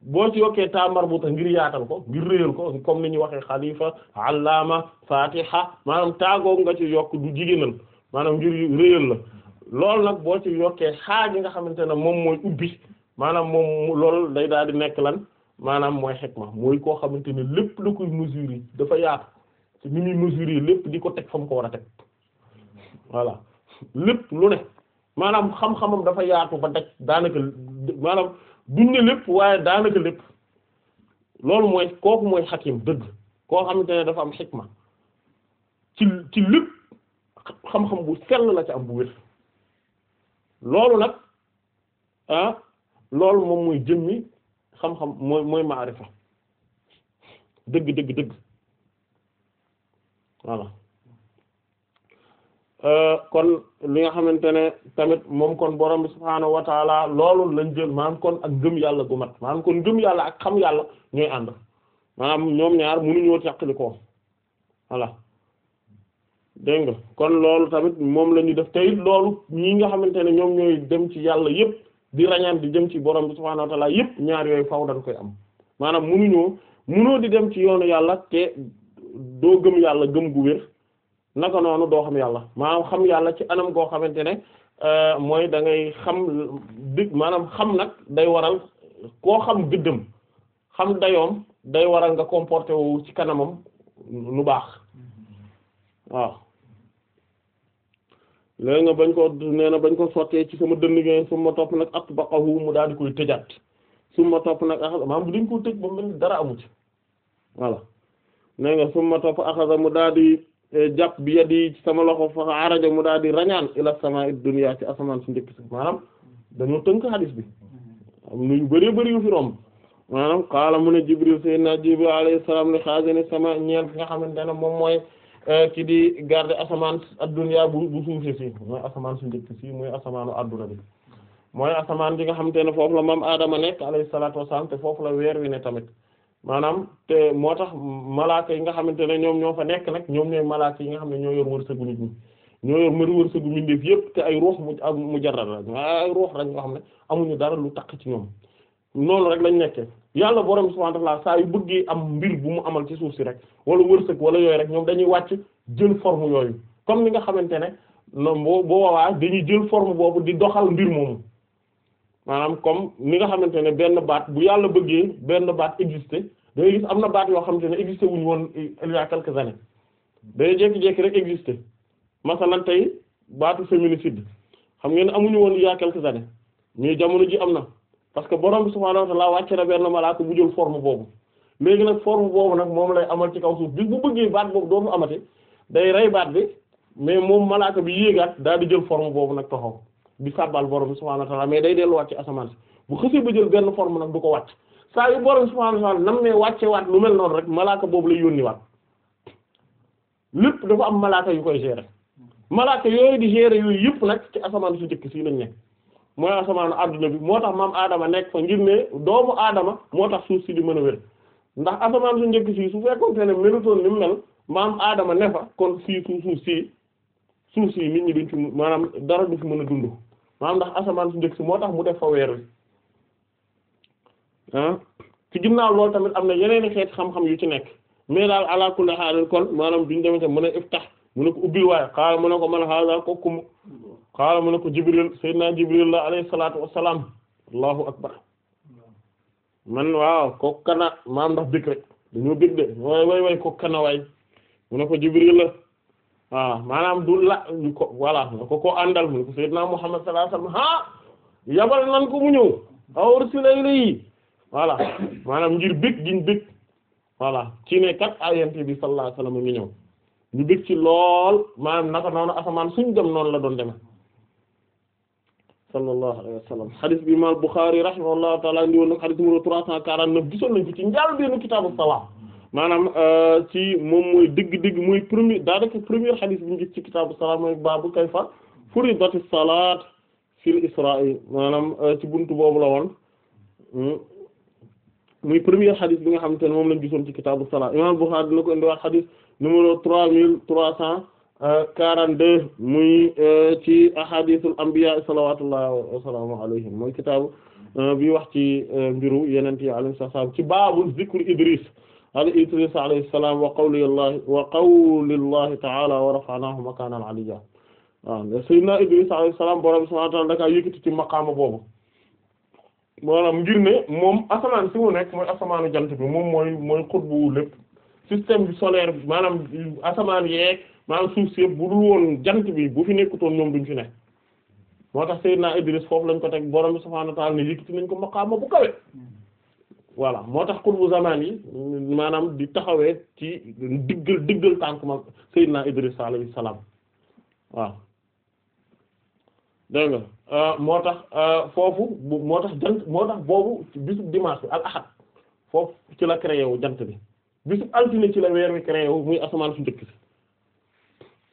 boo ci yokkee taa marbuta ngir yaatal ko ngir réyal ko comme ni ñuy waxee xalifa allaama fatiha maanaam taagoo nga ci yokk du jigéenal maanaam ngir réyal la loolu nag boo ci yokkee xaa gi nga xamante ne moom mooy ubbi maanaam moom lool day daal di nekk lan maanaam mooy xikma mooy koo xamante ni lépp la koy mesure dafa yaat ci ni muy mesure lépp di ko teg fa mu ko war a teg voilà lépp lu ne maanaam xam-xamam dafa yaatu ba daj daanaka maanaam duñ ne lépp waaye daanaka lépp loolu mooy kooku mooy xakim dëgg koo xam ne dafa am xikma ci ci lépp xam-xam bu sell la ci am bu wér loolu nag ah loolu moom mooy jëmmi xam-xam mooy mooy maarifa dëgg dëgg dëgg voilà Euh, kon li nga xamante ne tamit moom kon borom bi subhaanahu wa taala loolu lañ jël maanaam ak gëm yàlla gu mat maanaam kon gëm ak xam yàlla ñooy ànd ñoom ñaar mënuñoo teqali ko voilà dégg nga kon loolu tamit moom la ñu def tey loolu ñii nga xamante ne ñoom ñooy dem ci yàlla yëpp di rañaan di dem ci borom bi subhaanahu wa yëpp ñaar yooyu faw dañ koy am maanaam mënuñoo mënoo di dem ci yoonu yàlla te doo gëm yàlla gëm gu naka noonu doo xam yàlla maanaam xam yàlla ci anam goo xamante ne euh, mooy dangay xam dig maanaam xam nag day waral koo xam gëddëm xam dayoom day waral nga comporté wu ci kanamam nu baax waaw léegi nga bañ ko nee na bañ ko sottee ci sama dënn gi su ma topp nag at baqahu mu daal di koy tëjaat ma topp nag axasa maanaam dañ koo tëj ba mel dara amu ci voilà nee nga topp axasa mu daal di jàpp bi yadi di sama loxo fa araja mu daal di rañaan ila sama dunya ci asamaan su njëkk si maanaam dañoo tënk hadis bi am na yu bëree bëri maanaam qaala mu ne Jibril sayyidina Jibril alayhi salaam li xaazini sama ñeel fi nga xamante ne moom mooy eh, ki di garder asamaan ad-dunya bu bu suufee si asamaanu adduna bi mooy asamaan bi nga xamante ne foofu la maam Adama nekk alayhi salaatu wa te foofu la weer wi ne tamit. maanaam te moo tax malaaka yi nga xamante ne ñoom ñoo fa nekk nag ñoom ñooy malaaka yi nga xam ne ñoo yor wërsëgu nit ñi ñoo yor mëri wërsëgu mbindeef yépp te ay ruux mu mu jaral la ay ruux rek nga xam ne amuñu dara lu takk ci ñoom noonu rek lañ nekkee yàlla borom subhanahu wa ta'ala saa yu bëggee am mbir bu mu amal ci suuf si rek wala wërsëg wala yooyu rek ñoom dañuy wàcc jël forme yooyu comme ni nga xamante ne non boo boo dañuy jël forme boobu di doxal mbir moomu maanaam comme ni nga xamante ne benn baat bu yàlla bëggee benn baat exister day gis am na baat yoo xamante ne exister wuñu woon il y a jékki-jékki rek exister masalan tey baatu féminicide xam ngeen amuñu woon il y a mais jamono ji am na parce que borom bi subhaanahu wa ta'ala wàcce na benn malaat bu jël forme boobu léegi nag forme boobu nag moom lay amal ci kaw suuf bis bu bëggee baat boobu dootu amate day rey baat bi mais moom malaaka bi yéegaat daal di jël forme boobu nag taxaw di sàbbal borom subhanahu wa ta'ala mais day delluwaat ci asamaan si bu xësee ba jël benn forme nag du ko wàcc saa yu borom subhanahu wa ta'ala nam ne wàcce waat lu noonu rek malaaka boobu lay yónni waat lépp dafa am malaaka yu koy gérer malaaka yooyu di gérer yooyu yëpp nag ci asamaan su njëkk sii lañ nekk mooy asamaanu adduna bi moo tax maam aadama nekk fa ngir ne doomu aadama moo tax suuf si di mën a wér ndax asamaan su njëkk sii su fekkoon te ne melutoon ni mu mel maam aadama ne fa kon sii suuf suuf sii suuf sii nit ñi duñ maanaam dara du fi mën a dund maanaam ndax asamaan su njëkk si moo tax mu def fa weer wi ah ci ginnaaw tamit am na yeneen i xeet xam-xam yu ci nekk mais daal ala kulli haal kon maanaam duñ demee a iftax mu ne ko ubbil waaye xaala mu ne ko man xaala ko kum xaala mu ne ko Jibril Seydina Jibril la alayhi salaatu wa akbar man waaw kooku kana maam ndax bëgg rek dañoo bëgg de waay waay waay kooku kana waay mu ne ko Jibril waaw ah, maanaam du la ñu ko voilà na ko ko àndal mu ne ko sayyidna Muhammad sallallahu alayhi ah, yabal nan ko mu ñëw aw ursila ilayhi voilà maanaam ngir bëgg giñ bëgg voilà ci ne kat ayante bi sallallahu alayhi wasallam mi ñëw ñu bëgg ci lool maanaam naka noonu asamaan suñ dem noonu la doon deme sallallahu alayhi wa sallam xadis bi imaam Bukhari rahimahullahu taala indi woon xadis trois cent quarante neuf gisoon nañ ko ci njaal benn kitaabu salaam maanaam euh, ci moom mooy dëgg digg mooy premier daanaka premier xadis bi ñu gis ci kitaabu salaat mooy baabu kayfa furidati salaat fil isra'i maanaam euh, ci buntu boobu la woon hmm. muy premier xadis bi nga xamante ne moom lañ gisoon ci kitaabu salaat imaam Bukhari dina ko indiwaat xadis numéro trois mille trois cent euh, quarante deux muy ci ahadithul anbiya salawatullahi wa salaamu alayhim mooy kitaabu bi wax ci mbiru yeneen yi alayhi salaam ci baabu zikru Idris ala Idris alayhi salaam wa qawlillahi wa qawlillahi ta'ala wa rafa'nahu makanan aliyya waaw sayyidina Idris alayhi salaam borom subhanahu wa ta'ala da ka yëkkati ci maqaama boobu maanaam ngir moom asamaan si mu nekk mooy asamaanu jant bi moom mooy mooy xutbu lépp bi solaire bi maanaam asamaan yeeg maanaam suuf si yëpp bu dul woon jant bi bu fi nekkutoon ñoom duñ fi nekk moo tax sayyidina Idris foofu lañ ko teg borom subhanahu wa ta'ala ne yëkkati nañ ko maqaama bu kawe. voilà moo tax xutbu zamaan yi maanaam di taxawee ci diggal diggal tànk ma Seydina Idris alayhi salaam waaw dégg euh, moo tax euh, foofu moo tax jant moo tax boobu bisub dimanche bi al ahad foofu ci la créé wu jant bi bisub altine ci la weer wi créé muy asamaan su njëkk si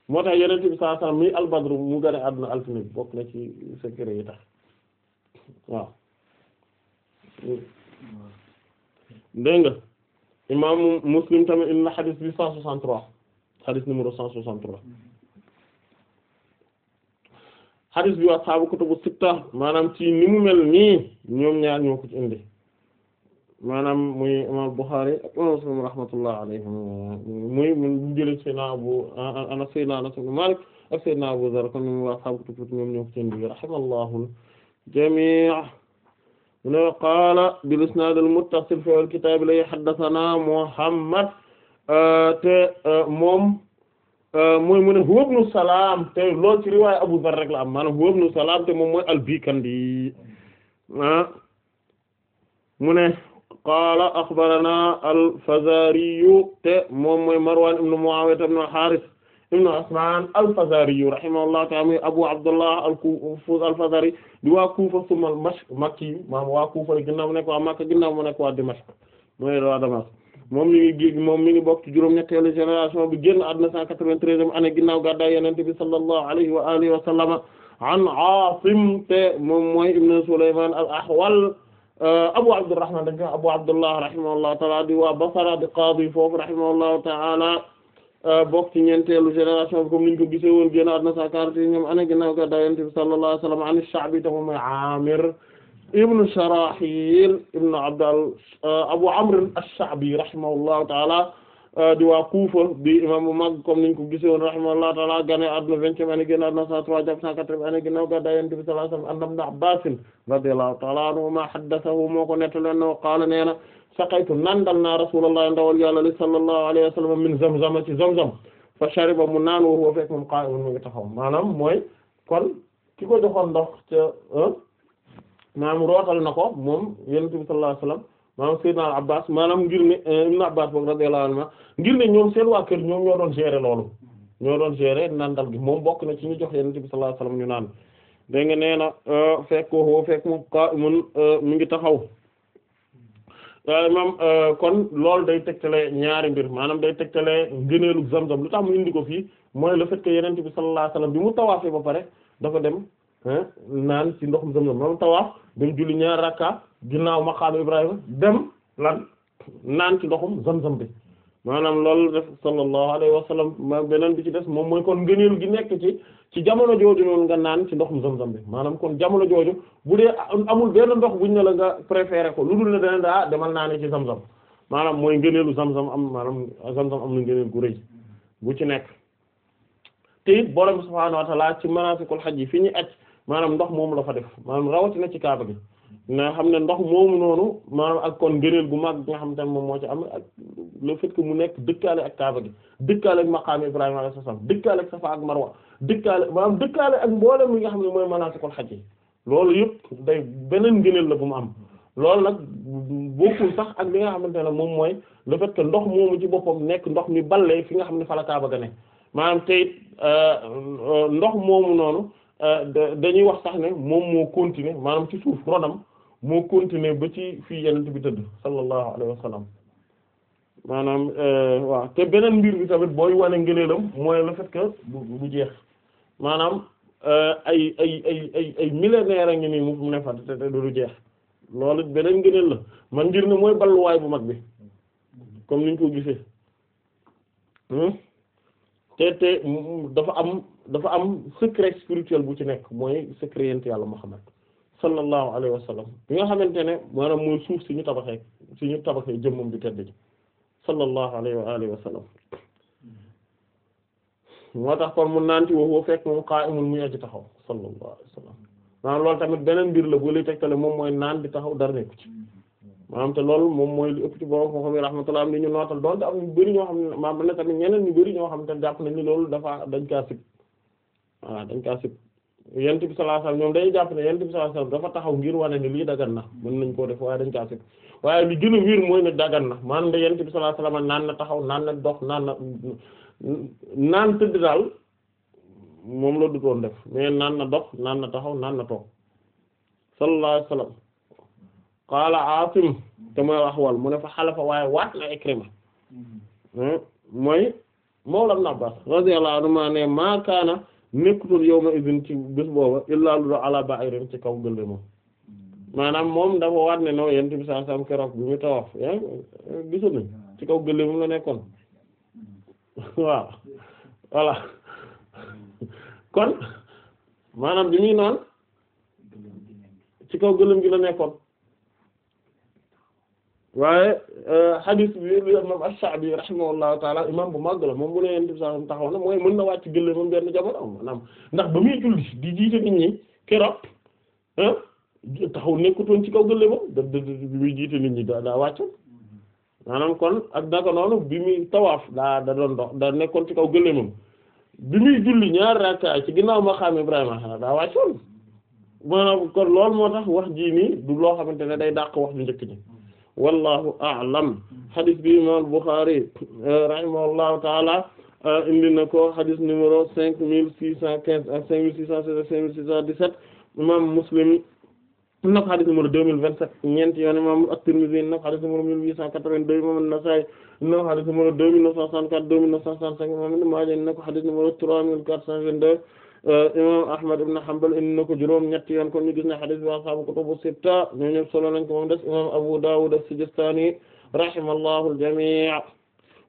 moo tax yeneen bi saa saa muy albadru mu gën a àdduna altine bi bokk na ci secret yi tax waaw dégg nga imaamu muslim tamit indi na xadis bi cent soixante trois xadis numéro cent soixante trois xadis bi waa saabu kutubu sitta maanaam ci ni mu mel nii ñoom ñaar ñoo ko maanaam muy imaam Bukhari ak imaam Muslim rahmatullah alayhim muy mun jële Seydina Abu Anas Seydina Anas ibn Malik ak Seydina Abu Dharr kon ñoom waa saabu kutubu ñoom ñoo ko ci indi no qaala bil isnaad al muttasil fi al kitaab lay haddathana Muhammad euh, te euh, moom euh, mooy mu ne huwa ibnu Salaam te lool ci riwaaya Abu Dharr rek la am maanaam huwa ibnu Salaam te moom mooy al-Bikandi ah, mu ne qaala akhbaranaa al-Fazaari te moom mooy Marwaan ibnu Mu'aawiya ibnu al-Haaris ibn Usman al-Fazari rahimahullahu ta'ala muy Abu Abdullah al-Kufi al-Fazari di waa Kufa summa al-Makki maam waa Kufa la ginnaaw mu nekk waa Makka ginnaaw mu nekk waa Dimashq mooy waa Damas moom mi ngi gis moom mi ngi bokk ci juróom-ñetteelu génération bi génn àdduna 193e année ginnaaw gàddaay Yonent bi sallallahu alayhi wa alihi wa sallama an Asim te moom mooy ibn Sulayman al-Ahwal euh, Abu Abdurrahman dañu ko Abu Abdullah rahimahullahu ta'ala di waa Basra di qaadi foofu rahimahullahu ta'ala Euh, bokk ci ñeenteelu génération bi comme niñ ko gisee woon génn àdduna cent quarante-huitième année ginnaaw gàddaay Yonent bi sallallahu alayhi wa sallam an Sha'bi tamoom mooy Aamir ibnu Sharahil ibnu Abdal euh, Abu Amr ash-Sha'bi rahimahullahu taala euh, di waa Kuufa di imam bu mag comme niñ ko gisee woon rahimahullahu taala gane àdduna vingtième année génn àdduna cent trois jàpp cent quatre-vingts année ginnaaw gàddaay Yonent bi sallallahu alayhi wa sallam anna Ibn Abbaas radiyallahu taala anhumaa haddathahu moo ko nettali qaala nee na saqaytu nandal naa rasulullah ndawal yàlla li sallallahu alayhi wa sallam min zamzam ci zamzam fa shariba mu naan wa huwa fekk moom qa'imun mu ngi taxaw maanaam mooy kon ki ko joxoon ndox ca maanaam rootal na ko moom yonent bi sallallahu alayhi wa sallam maanaam Seydina maanaam ngir ne eh, Ibn Abbas boog radiyallahu anhu ngir ne ñoom seen waa kër ñoom ñoo doon gérer loolu ñoo doon gérer nandal gi moom bokk na ci ñu jox yonent bi sallallahu alayhi wa ñu naan dégg nga nee na eh, fekk wa huwa fekk moom qa'imun eh, mu ngi taxaw imam euh, euh, kon loolu day tegtale ñaari mbir maanaam day tegtale ngëneelu zam-zam lu tax mu indi ko fii mooy le fait que yenent bi sallallahu alayhi bi mu tawaafee ba pare dafa dem naan ci ndoxum zam-zam moom tawaaf dem julli ñaar rakka ginnaaw maqaam Ibrahima dem lan naan ci ndoxum zam-zam bi maanaam loolu def sallallahu alayhi wa sallam ma beneen bi ci des moom mooy kon ngëneel gi nekk ci ci jamono jooju noonu nga naan ci ndoxum zam bi maanaam kon jamono jooju bu dee amul benn ndox buñ ne la nga préféré ko lu dul ne dana ah demal naa ne ci zam-zam mooy ngëneelu zam am maanaam zam am na ngëneel gu rëy bu ci nekk te it borom subhaanahu wa ta'ala ci manasikul hajj yi fi ñuy aj maanaam ndox moom la fa def maanaam rawatina ci kaaba gi na xam ne ndox moomu noonu maanaam ak kon ngëneel gu mag bi nga xam te ne moom moo ci am ak le fait que mu nekk dëkkaale ak Kaaba gi dëkkaale ak maqaam Ibrahima alayhi salaam dëkkaale ak Safa ak Marwa dëkkaale maanaam dëkkaale ak mboolem yi nga xam ne mooy manaasikul hajj loolu yëpp day beneen ngëneel la bu mu am loolu nag bokkul sax ak li nga xamante ne moom mooy le fait que ndox moomu ci boppam nekk ndox mi balle fi nga xam ne fa la Kaaba ga ne maanaam tey euh, euh, ndox moomu noonu. Euh, dañuy wax sax ne moom moo continuer maanaam ci suuf ronam moo continuer ba ci fii yenent bi tëdd sallallahu alayhi wa sallam maanaam euh, waaw te beneen mbir bi tamit booy wane ngëneelam mooy le fait bu jeex maanaam euh, ay ay ay ay ay millénaire a ngi nii mu ne fa te du lu jeex loolu beneen ngëneel la man ngir ne mooy balluwaay bu mag bi comme niñ ko gisee hmm? te te dafa am dafa am secret spirituel bu ci nekk mooy secret yent yàlla Muhammad sallallahu alayhi wa sallam bi nga xamante ne maanaam mooy suuf si ñu tabaxee si ñu tabaxee jëmmam bi tedd ji sallallahu alayhi wa alihi wa sallam moo tax kon mun naanti waxoo fekk moom qa'imun muy aji taxaw sallallahu alayhi wa sallam maanaam loolu tamit beneen mbir la bu lay tegtale moom mooy naan di taxaw dara nekku ci maanaam te loolu moom mooy li ëpp ci borom moo xam ne am ni ñu nootal doonte am ñu bëri ñoo xam ñeneen ñu bëri ñoo xam ne jàpp nañu loolu dafa dañ kaa sib waaw ah, dañ kaa sib yent bi sallallahu alayhi day jàpp ne yent bi sallallahu dafa taxaw ngir wane ne lii dagan na mën nañ koo def waaye dañ kaa sib waaye li gën a wiir mooy ne dagan na maanaam da yent bi sallallahu naan na taxaw naan na dox naan na naan tëdd daal moom na dox naan na taxaw naan na toog sallallahu alayhi wasallam qaala te mooy Ahwal mu ne fa xalafa waaye waat na Ikrima mm-hmm. hmm, mooy mawla Ibn Abbas radiyallahu anhu ne maa kaana nekkutoon yow ma izin ci bés booba illaa lu ala ba'irin ci kaw gëlle moom maanaam moom dafa waat ne noo yent bi saa sam keroog bi mu tawaf ya gisul ci kaw gëlle moom la nekkoon waaw voilà kon maanaam bi muy naan ci kaw gëlëm gi la nekkoon waaye euh, hadith bi imam Ash-Sha'bi rahimahullahu taala imam bu màgg la moom mu ne Yonent taxaw na mooy mën na wàcc gëléemam benn jamono maanaam ndax ba muy julli di jiite nit ñi keroog taxaw nekkutoon ci kaw gëléemam da da bi muy jiite nit daa daa wàccoon maanaam kon ak naka noonu bi muy tawaaf daa da dox da nekkoon ci kaw gëléemam bi muy julli ñaari rakka ci ginnaaw ma xam Ibrahima daa wàccoon maanaam kon loolu moo tax wax jii nii du loo xamante ne day dàq wax ju njëkk ji wallahu a'lam hadis bi imam Bukhari euh, rahimahullahu taala euh, indi na ko hadis numéro cinq mille six cent quinze ak cinq mille six cent seize cinq mille six cent dix-sept imam Muslim indi ko hadis numéro deux mille vingt-sept ñeent yoon imam At-Tirmidhi indi ko hadis numéro mille huit cent quatre-vingt-deux imam An-Nasa'i indi ko hadis numéro deux mille neuf cent quatre deux mille neuf cent soixante-cinq imam Ibn Maaja indi na ko hadis numéro trois mille quatre Euh, imam Ahmad ibn Hanbal indi na ko juróom ñetti yoon kon ñu gis ne hadis bi ashaabu kutubu sitta ñu ñëpp solo nañ ko moom des imam Abu Dawud as-Sijistani rahimallahu al-jami'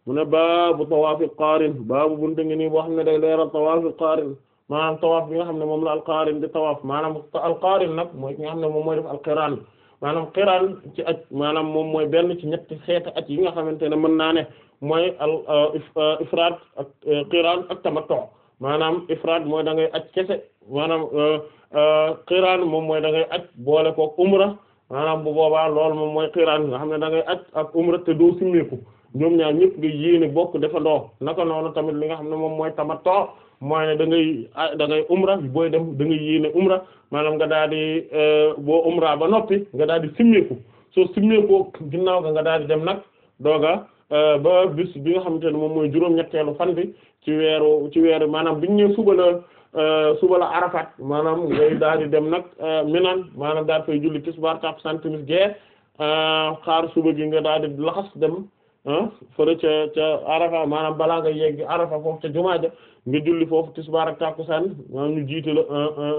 mu ne baabu tawaafi qaarin baabu buntu ngi nii boo xam ne day leeral tawaafi qaarin maanaam tawaaf bi nga xam ne moom la alqaarin di tawaaf maanaam alqaarin nag mooy ki nga xam ne moom mooy def alqiraan maanaam qiraan ci aj maanaam moom mooy benn ci ñetti xeeti aj yi nga xamante ne mën naa ne mooy al euh, euh, ifraad ak qiraan ak tamattu maanaam ifraad mooy dangay ngay aj kese maanaam euh, euh, xiraan moom mooy da ngay aj boole kook umra maanaam bu boobaa loolu moom mooy xiraan nga xam ne da ngay ak umra te doo simmeeku ñoom ñaar ñëpp nga yéene bokk naka noonu tamit li nga xam ne moom mooy tamatoo mooy ne da ngay da ngay umra booy dem da ngay yéene umra maanaam nga daal di euh, boo umra ba noppi nga daal di simmeeku soo simmeekoo ginnaaw ga nga daal di dem nag dooga ba bis bi nga xamante ne moom mooy juróom-ñetteelu fan bi ci weeru ci weeru maanaam biñ ne suba la euh, suba la Arafat maanaam ngay daal di dem nag euh, Minan maanaam daal fay julli tisbaar tàpp sant timis gee euh, xaar suba gi nga daal di laxas dem fële ca ca Arafa maanaam balaa nga yegg Arafa foofu ca jumaa ja nga julli foofu tisbaar ak tàkkusaan maanaam ñu jiite la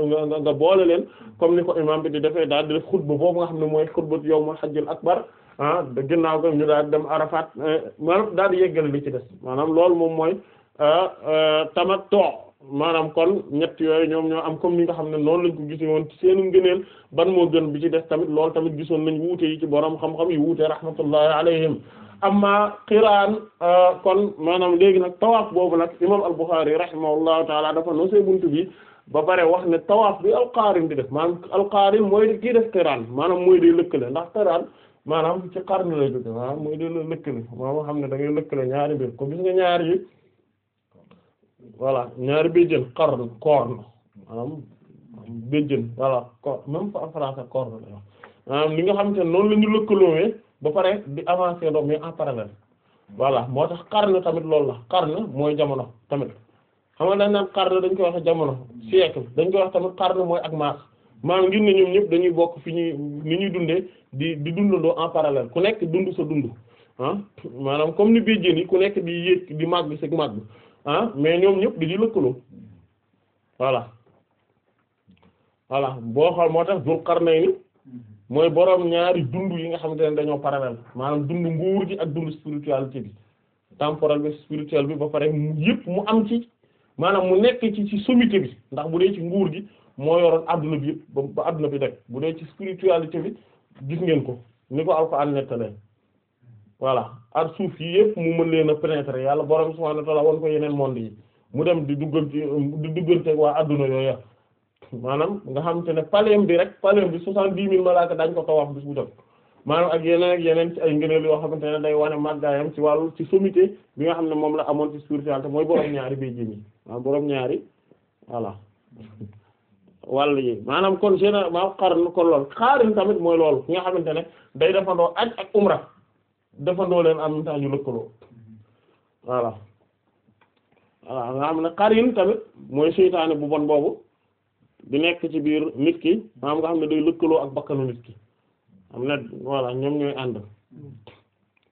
nga nga boole leen comme ni ko imam bi di defee daal di def xutba boobu nga xam ne mooy xutba yawmul hajjil akbar ah ginnaaw ko ñu daal di dem Arafat maanaam daal di yeggale li ci des maanaam loolu moom mooy. Ah, ah, tamattu maanaam kon ñett yooyu ñoom ñoo am comme ni nga xam ne noonu lañ ko gise woon ci seenu ngëneel ban moo gën bi ci des tamit loolu tamit gisoon nañ wuute yi ci borom xam-xam yi wuute rahmatullahi alayhim amma qiraan ah, kon maanaam léegi nag tawaaf boobu nag imam al-Bukhari rahimahullahu taala dafa nosee buntu bi ba pare wax ne tawaaf bi alqaarin di def maanaam alqaarin mooy kii def qiraan maanaam mooy day lëkkale ndax qiraan maanaam ci qarn lay jóge maanaam mooy day lëkkale maanaam xam ne da ngay lëkkale ñaari mbir ko gis nga yi voilà ñaari béjjën xarn corne maanaam béjjën voilà corne même pas français corne la maanaam li nga xamante ne noonu la ñu ba pare di avancer ndox mais en parallèle voilà moo tax xarn tamit loolu la xarn mooy jamono tamit xam nga dañ naan xarn dañ koy wax jamono siècle dañ koy wax tamit xarn mooy ak maas maanaam ngir ne ñoom ñëpp dañuy bokk fi ñuy ni ñuy dundee di di dundandoo en parallèle ku nekk dund sa dund ah. maanaam comme ni béjjën yi ku nekk di yéeg di màgg sag màgg ah mais ñoom ñëpp dañuy lëkkaloo voilà voilà boo xam moo tax Dul Qarnayni mooy boroom ñaari dund yi nga xamante ne dañoo parallèle maanaam dund nguur gi ak dund spiritualité bi temporel bi spirituel bi ba pare yëpp mu am ci maanaam mu nekk ci ci sommité bi ndax bu dee ci nguur gi moo yoroon adduna bi yëpp ba adduna bi rek bu dee ci spiritualité bi gis ngeen ko ni ko Alxuraan nettalee voilà ar suuf yi yëpp mu mën leen a pénétrer yàlla borom subhaanahu wa ta'aala won ko yeneen monde yi mu dem di duggante di duggante waa adduna yooyu maanaam nga xamante ne paleem bi rek paleem bi soixante-dix mille malaaka dañ ko tawaaf bis bu jot maanaam ak yeneen ak yeneen ci ay ngëneel yoo xamante ne day wane màggaayam ci wàllu ci sommité bi nga xam ne moom la amoon ci spiritualité mooy borom ñaari bay jén yi maanaam boroom ñaari voilà wàll yi maanaam kon général maanaam xarin kon lool xaarin tamit mooy loolu ki nga xamante ne day defandoo aj ak umra defandoo leen am même ñu lëkkaloo voilà voilà nga xam ne xarin tamit mooy seytaane bu bon boobu di nekk ci biir nit ki maanaam nga xam ne day lëkkaloo ak bakkanu nit ki xam ne voilà ñoom ñooy ànd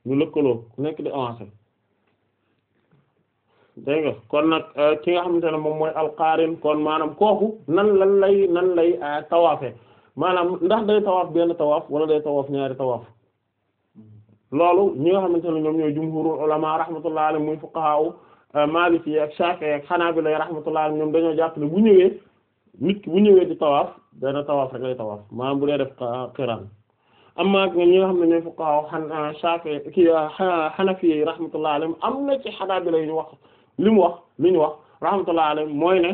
ñu lëkkaloo nekk di avancé dégg kon nag euh, ki nga xamante ne moom mooy alqaarin kon maanaam kooku nan lan lay nan lay euh, tawaafe maanaam ndax day tawaaf benn tawaaf wala day tawaaf ñaari tawaaf loolu ñi nga xamante ne ñoom ñooy jumhurul ulama rahmatullah alayhi muy fuqaha euh, maliki ak shafi'i ak hanabila rahmatullah alayhi ñoom dañoo jàpp ne bu ñëwee nit ki bu ñëwee di tawaaf dana tawaaf rek lay tawaaf maa bu dee def qiraan amma ak ñi nga xam ne ñooy fuqaha han euh, shafi'i ki euh, hanafi rahmatullah alayhi am na ci hanabila ñu wax li mu wax li ñu wax rahmatullah alayhi mooy ne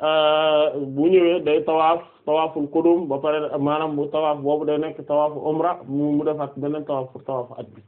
bu ñëwee day tawaaf tawaaful kudum ba pare maanaam bu tawaaf boobu day nekk tawaafu umra mu mu defaat beneen tawaaf pour tawaafu at bi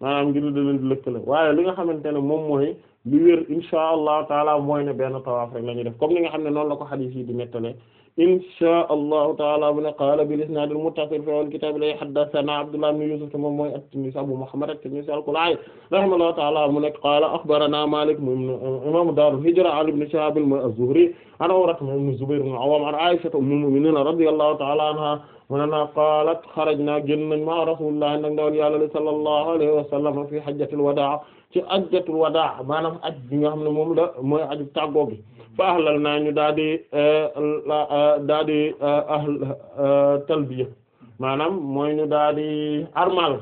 maanaam ngir da leen di lëkkale waaye li nga xamante ne moom mooy li wér insha allahu taala mooy ne benn tawaaf rek la ñuy def comme ni nga xam ne noonu la ko xadiis yi di nettalee insha allahu taala mu ne qaala bil isnaad al muttasil fi al kitaab lay haddathana Abdullah ibn Yusuf moom mooy at-Tinnisi Abu Muhammad at-Tinnisi al-Qula'i rahimahullahu taala mu ne qaala akhbarana Maalik imaamu daaru hijra Ali ibn Shihab mooy az-Zuhri an Urwa ibn Zubayr ibn Awwaam an Aisha ummul mu'miniin radiyallahu taala anha mu ne naa qaalat xaraj naa génn nañ ma rasulullah nag ndawal yàlla li sallallahu alayhi wa sallam fi hajjatul wadaa ci hajjatul wadaa maanaam aj bi nga xam ne moom da mooy aju tàggoo bi fa ahlal naa ñu daal di daal di ahl talbiya maanaam mooy ñu daal di armal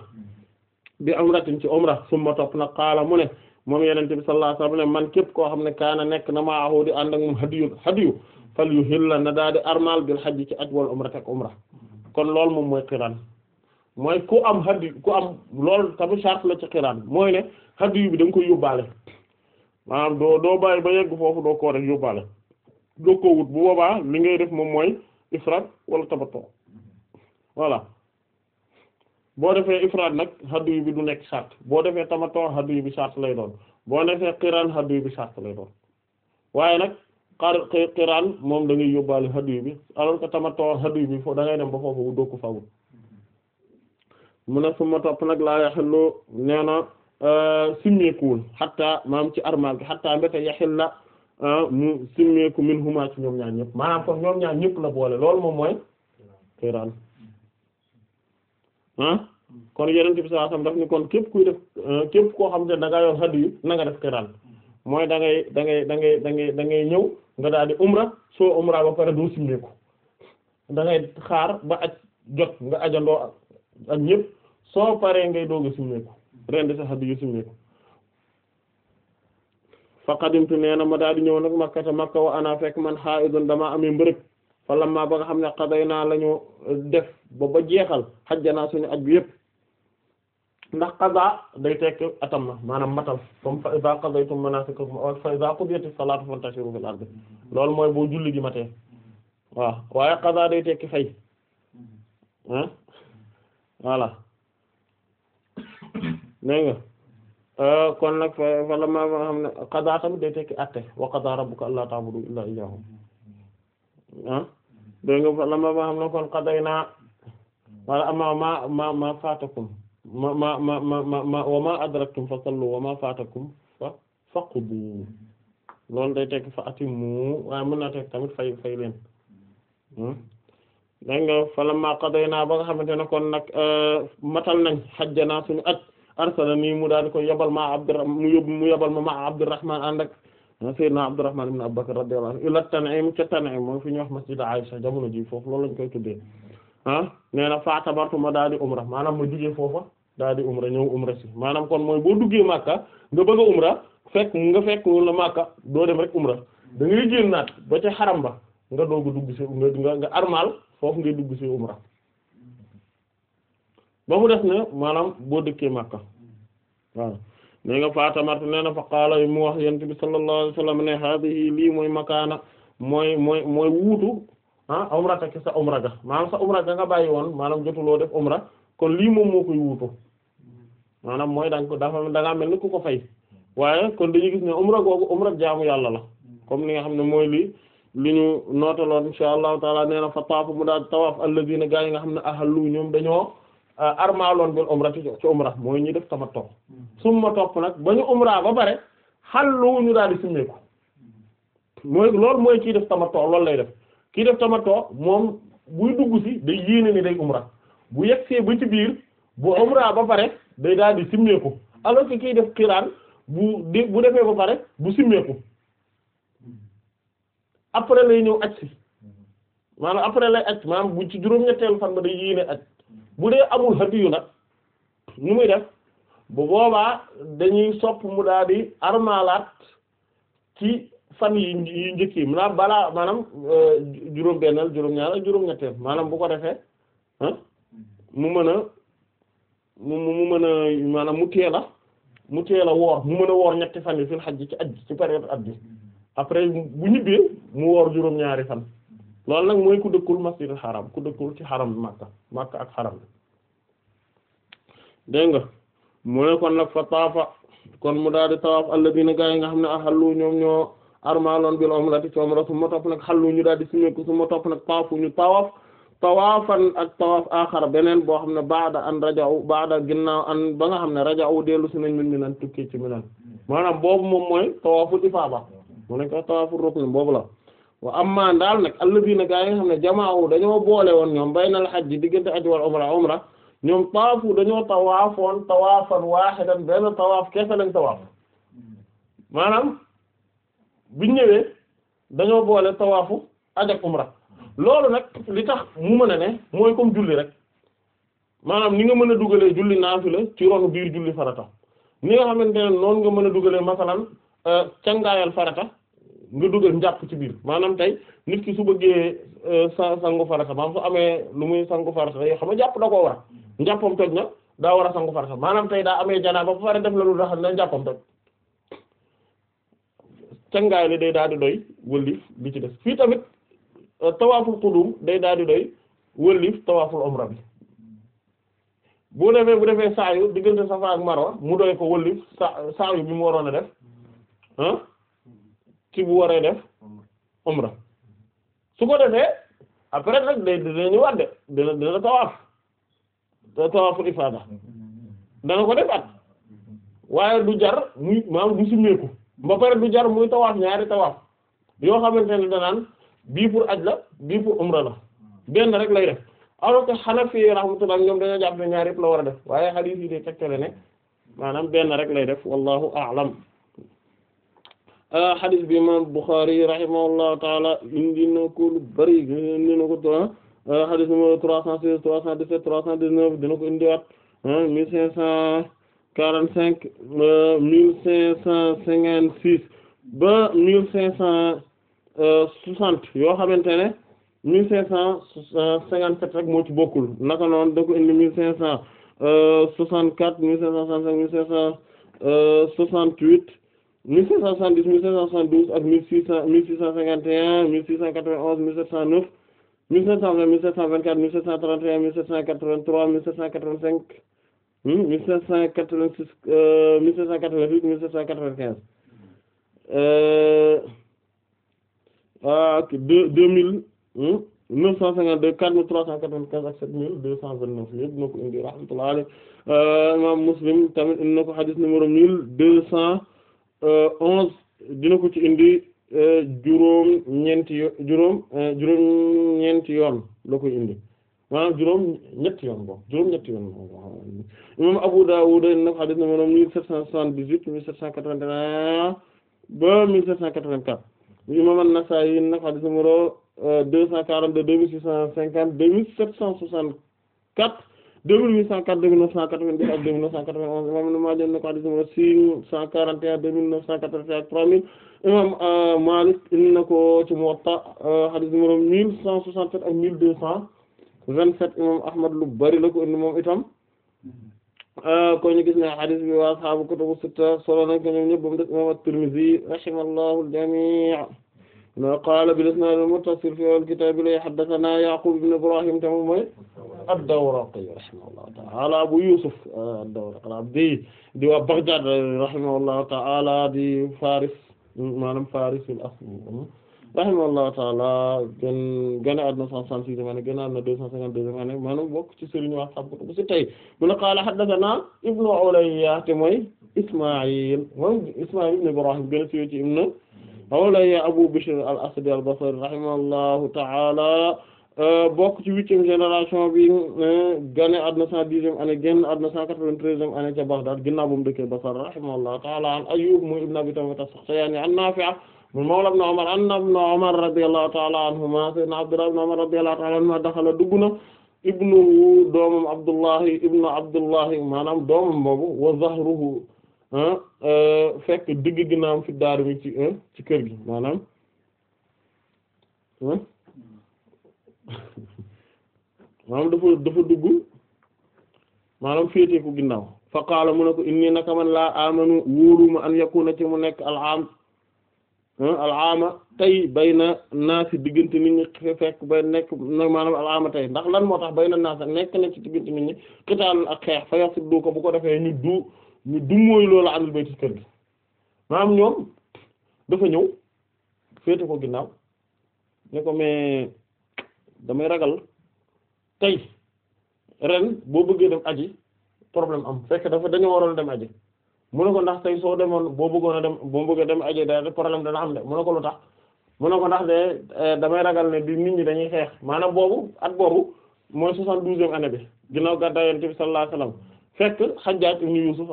bi umratin ci umra summa topp nag qaala mu ne moom yenente bi sallallahu alayhi wa ne man képp koo xam ne kaana nekk na maa ahudi ànd ak moom hadiyu hadiyu fal yuhilla na daal di armal bil hajj ci aj wal umra tak umra kon loolu moom mooy xiraan mooy ku am hadiyu ku am lool tamit sart la ci xiraan mooy ne hadiyu bi da nga koy yóbbaale maanaam doo doo bàyyi ba yegg foofu doo koo rek yóbbaale doo ko wut bu boobaa li ngay def moom mooy ifraat wala tabattu voilà boo defee ifraat nag hadiyu bi du nekk sart boo defee tamattu hadiyu bi sart lay doon boo defee xiraan hadiyu bi sart lay doon waaye nag xiraan moom da ngay yóbbaale hadiyu bi alors que bi foofu dem ba foofu doo ko fawul mu ne su ma topp nag laa yaxillu nee na euh, simmeekuwul xatta maam ci armal gi xatta mbete yaxil la euh, mu simmeeku min huma ci ñoom ñaar ñëpp maanaam kon ñoom ñaar ñëpp la boole loolu moom mooy xiraan ah kon yenente bi sallallahu alayhi wasallam daf ni kon képp kuy def euh, koo xam ne da nga def xiraan mooy da ngay da ngay da da ngay ñëw nga daal di soo umra ba pare doo simmeeku da xaar ba aj jot nga ajandoo ak ñëpp soo paree ngay doog a simmeeku rendi sa xaddi yu simmeeku fa qadimtu nee ma daal di ñëw nag makkata ma wa ana fekk man haidun damaa amee mbërëg fa lamma ba nga xam ne xaday naa lañu ñu def ba ba jeexal xajjanaa suñu aj bi yëpp ndax qada day tekk atam na maanaam matal comme fa iza qadaytum manasikakum fa iza qudiyatis salatu fantashiru fil ardi loolu mooy boo julli gi matee waaw waaye qada day tekki fay ah voilà dégg nga euh, kon nag wala ma xam ne qada tamit day tekki atte wa qada rabbuka alla ta'budu illa iyyahu ah dégg nga wala ma xam ne kon qadayna wala ama ma ma ma fatakum ma ma ma ma ma wa ma adraktum fa sallu wa ma faatakum fa faqdu loolu day tekk fa atimmu waaye mën naa tekk tamit fay fay leen hmm? dégg nga falamma qadaynaa ba nga xamante ne kon nag euh, matal nañ xajjanaa suñu at arsala nii mu daal di ko yabal ma abdura mu yóbbu mu yabal ma ma Abdurrahman ànd ak sayyidina Abdurrahman ibn Abu Bakr radiyallahu anhu ila Tan'im ca Tan'im mooy fi ñuy wax masjid Aisha jamono ji foofu loolu lañ koy tuddee ah nee na faatabartu ma daal di umra maanaam ma jugee foofa daal di umra ñëw umra si maanaam kon mooy boo duggee Makka nga bëgg a umra fekk nga fekk wala doo dem rek umra ba ca xaram ba nga doog a dugg si nga nga armal foofu ngay dugg umra ba mu def ne maanaam boo dëkkee Makka waaw nee nga fatamart nee na fa qaala mu wax yent bi sallallahu alayhi ne haadihi lii mooy makaana mooy mooy mooy wuutu ah umra ta ki sa umra ga maanaam sa umra ga nga bàyyi woon maanaam jotuloo def umra kon lii moom moo koy wuutu maanaam mooy danga ko dafa dangaa mel ni ku ko fay waaye kon dañu gis ne umra googu umra jaamu yàlla la comme li nga xam ne mooy li li ñu nootaloon insha allahu taala nee na fa taafu mu daal tawaaf alladina gaa yi nga xam ne ahallu ñoom dañoo ah, armaaloon bil umra ci ci umra mooy ñuy def tamattu summa topp nag ba ñu umra ba pare xallu ñu daal di simmeeku mooy loolu mooy kii def tamattu loolu lay def kii def tamattu moom buy dugg si day yéene ni day umra bu yegsee ba ci biir bu umra day daal di simmeeku alors que kiy def xiraan bu di bu defee ba pare bu simmeeku après lay ñëw aj si maanaam après lay aj maanaam bu ci juróom-ñetteelu fan ba day yéene aj bu dee amul hadiyu nag ñu muy def bu boobaa dañuy sopp mu daal armaalaat ci fan yi yi njëkk yi maanaam balaa maanaam euh, juróom-benneel juróom-ñaar ak juróom-ñetteel maanaam bu ko defee ah mu mën a mu mu mën a maanaam mu teel a mu teel a woor mu mën a woor ñetti fan yi fil xaj ci aj ci période at bi après bu ñibbee mu woor juróom-ñaari fan loolu nag mooy ku dëkkul masjidul xaram ku dëkkul ci xaram bi Makka Makka ak xaram bi mu ne nag fa taafa kon mu daal di tawaaf alladina gaa yi nga xam ne lu ñoom ñoo armaaloon bil umrati ci umra su ma topp nag xallu ñu daal di simeeku su ma topp nag taafu ñu tawaaf tawaafan ak tawaaf axar beneen boo xam ne baada an raja'u baada ginnaaw an ba nga xam ne raja'u dellu si nañ min mi nan tukki ci mi nan maanaam boobu moom mooy tawaaful ifaada mu nañ ko tawaaful boobu la wa amma daal nag alladina gaa yi nga dañoo boole woon ñoom baynal hajj diggante aj wal umra umra ñoom tawaafu dañoo tawaafoon tawaafan waahidan benn tawaaf keese lañ tawaaf maanaam biñ ñëwee dañoo boole tawaafu aj umra loolu nag li tax mu mën a ne mooy comme julli rek maanaam ni nga mën a dugalee julli naafila ci ronu biir julli farata ni nga xamante ne nga mën a dugalee masalan euh, cangaayal farata nga dugal njàpp ci biir maanaam tey nit ki su bëggee euh, sa sangu farata maanaam su amee lu muy sangu farata xam ne jàpp da koo war njàppam toj na daa war a sangu farata maanaam tey daa amee janaa ba fa pare def la lu raxas na njàppam toj cangaay li day daal di doy wëlli li ci des fii tamit Euh, tawaaful qudum day daal di doy wëllif tawaaful umra bi bu defee bu defee saayu diggante safa ak marwa mu doy ko wëllif sa saayu bi mu waroon a def ci bu waree def umra su ko defee après nag day dina ñu wadde dina dina tawaaf dina tawaaful ifaada dana ko defaat waaye du jar muy maam du simmeeku ba du jar muy tawaaf ñaari tawaaf yoo xamante ne danaan bii pour aj la bii pour umra la benn rek lay def alors que Hanafi rahmatullah ñoom dañoo jàpp ne yëpp la war a def waaye hadith yi de tegtale ne maanaam benn rek lay def wallahu a'lam ah, hadith bi imam Bukhari rahimahullahu taala indi na ko lu bari indi na ko ah, hadith numéro 316 317 319 dina ko indiwaat 1545 ah, 1556 euh, ba 1500 soixante yoo xamante ne mille cinq cent cinquante-sept rek moo ci bokkul naka noonu da ko indi mille cinq cent soixante-quatre mille cinq cent soixante-cinq mille cinq cent soixante-huit mille cinq cent soixante-dix mille cinq cent soixante-douze ak mille six cent mille six cent cinquante et un mille six cent quatre-vingt-onze mille sept cent neuf mille sept cent vingt mille sept cent vingt-quatre mille sept cent trente et un mille sept cent quatre-vingt-trois mille sept cent quatre-vingt-cinq hmm, mille sept cent quatre-vingt-six euh, mille sept cent quatre-vingt-huit mille sept cent quatre-vingt-quinze euh, ak ah, deux deux mille hmm, neuf cent cinquante-deux quatre mille trois cent quatre-vingt-quinze ak sept mille deux cent vingt-neuf yëpp na indi rahmatullahi alayhi euh, imam Muslim tamit indi na ko xadis deux cent euh, onze dina ko ci indi euh, juróom ñeenti yo juróom juróom ñeenti yoon la indi juróom ñetti yoon bo juróom ñetti yoon imam Abu Dawud indi na ko xadis numéro mille sept cent soixante-dix-huit mille sept cent quatre-vingt-un ba mille sept cent quatre-vingt-quatre bu imam An-Nasa'i yi nag xadis numéro euh, deux cent quarante-deux deux mille six cent cinquante deux mille sept cent soixante-quatre deux mille huit cent quatre deux mille neuf cent quatre vingt ak deux mille neuf cent quatre-vingt-onze imam Ibn Maaja na ko xadis numéro six cent quarante et un deux mille neuf cent quatre-vingt-un imam euh, Maalik indi na ko ci Muwatta euh, xadis numéro mille cent soixante-sept ak mille deux cent vingt-sept imam Ahmad lu bari la ko indi moom itam Ah, ko ñu gis ne hadis bi wa ashaabu kutubu sitta solo nañ ko ñoom ñëpp ba mu des imaam at-Tirmidhi rahimahullahu al-jamii' ma qaala bil-isnaad al-muttasil fi al-kitaab li haddathanaa Ya'quub ibn Ibraahiim tamam mooy ad-Dawraqi rahimahullahu ta'aala Abu Yuusuf ad-Dawraqi al-Abdi di waa Baghdaad rahimahullahu ta'aala di Faaris maanaam Faaris al-asli rahimahullahu taala gën gën a àdduna 166 année gën a àdduna 252 année maanaam bokk ci sëriñ waa xam bu ci tey bu ne qaala haddathana ibnu Ulayya te mooy Ismaïl moom Ismaïl ibn Ibrahim gën a siiw ci ibnu Ulayya Abu Bishr al-Asadi al-Basri rahimahullahu taala euh, bokk ci huitième génération bi euh, gane àdduna cent dixième année génn àdduna cent quatre-vingt-treizième année ca Baghdad ginnaaw bu mu dëkkee Basra rahimahullahu taala an Ayyub mooy ibn Abi Tamit as-Saxtiyaani an Naafi' mu mawla ibn Umar anna ibn Umar radiyallahu ta'ala anhuma sayyidina Abdullah ibn Umar radiyallahu ta'ala dugg na ibnu doomam Abdullahi ibnu Abdullahi maanaam doomam boobu wa zahruhu ah, eh, fekk digg ginnaam fi mi ci eh, ci kër gi maanaam eh, maanaam dafa dafa dugg maanaam féete ku ginnaaw fa qaala mu ne ko inni naka man laa amanu wóoruma an yakuna ci mu nekk al alaama tey bay na naasi diggante nit ñi fekk ba nekk maanaam alaama tey ndax lan moo tax bay na naas nekk na ci diggante nit ñi xitaalul ak xeex fa yaq du ko bu ko defee ñu du ñu du mooy loolu anul bay kër gi maanaam ñoom dafa ñëw féete ko ginnaaw ne ko mais damay ragal tey ren boo bëggee def aji problème am fekk dafa dañoo waroon dem aji mun ne ko ndax tey soo demoon boo bëggoon a dem boo bëggee dem aje da problème dana am de mu ne ko lu tax mu ne ko ndax de eh, damay ragal ne bi nit ñi dañuy xeex maanaam boobu at boobu mooy soixante-douzième année bi ginnaaw gàddaay Yonent bi sallallahu alayhi wasallam fekk Hajjaj ibn Yusuf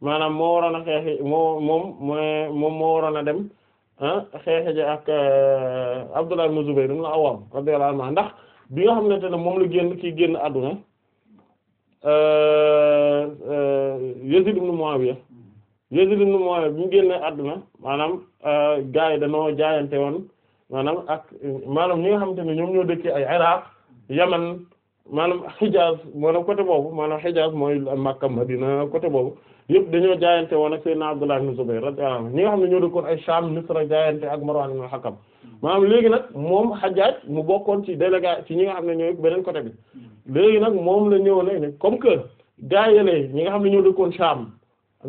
maanaam moo waroon a xeexi moo moom moom moo waroon a dem ah, xeexe ji ak eh, Abdullah ibn Zubayr ibn al-Awwam ndax bi nga xamante ne moom la génn kii génn àdduna Euh, euh, Yazid ibn Muawiya Yazid ibn Muawiya bi mu génne àdduna maanaam euh, gaa yi dañoo jaayante woon maanaam ak maanaam ñi nga xamante ne ñoom ñoo dëkkee ay Iraq Yaman maanaam Hijaz maanaam côté boobu maanaam Hijaz mooy Makka Madina côté boobu yëpp dañoo jaayante woon ak Seydina Abdullah ibn xam ne ñoo dëkkoon ay Sham Misra jaayante ak Marwan moom mu bokkoon ci délégué ci ñi nga xam ne ñooy beneen côté bi nag moom la ñëw ne comme que gaayale ñi nga xam ne ñoo dëkkoon a a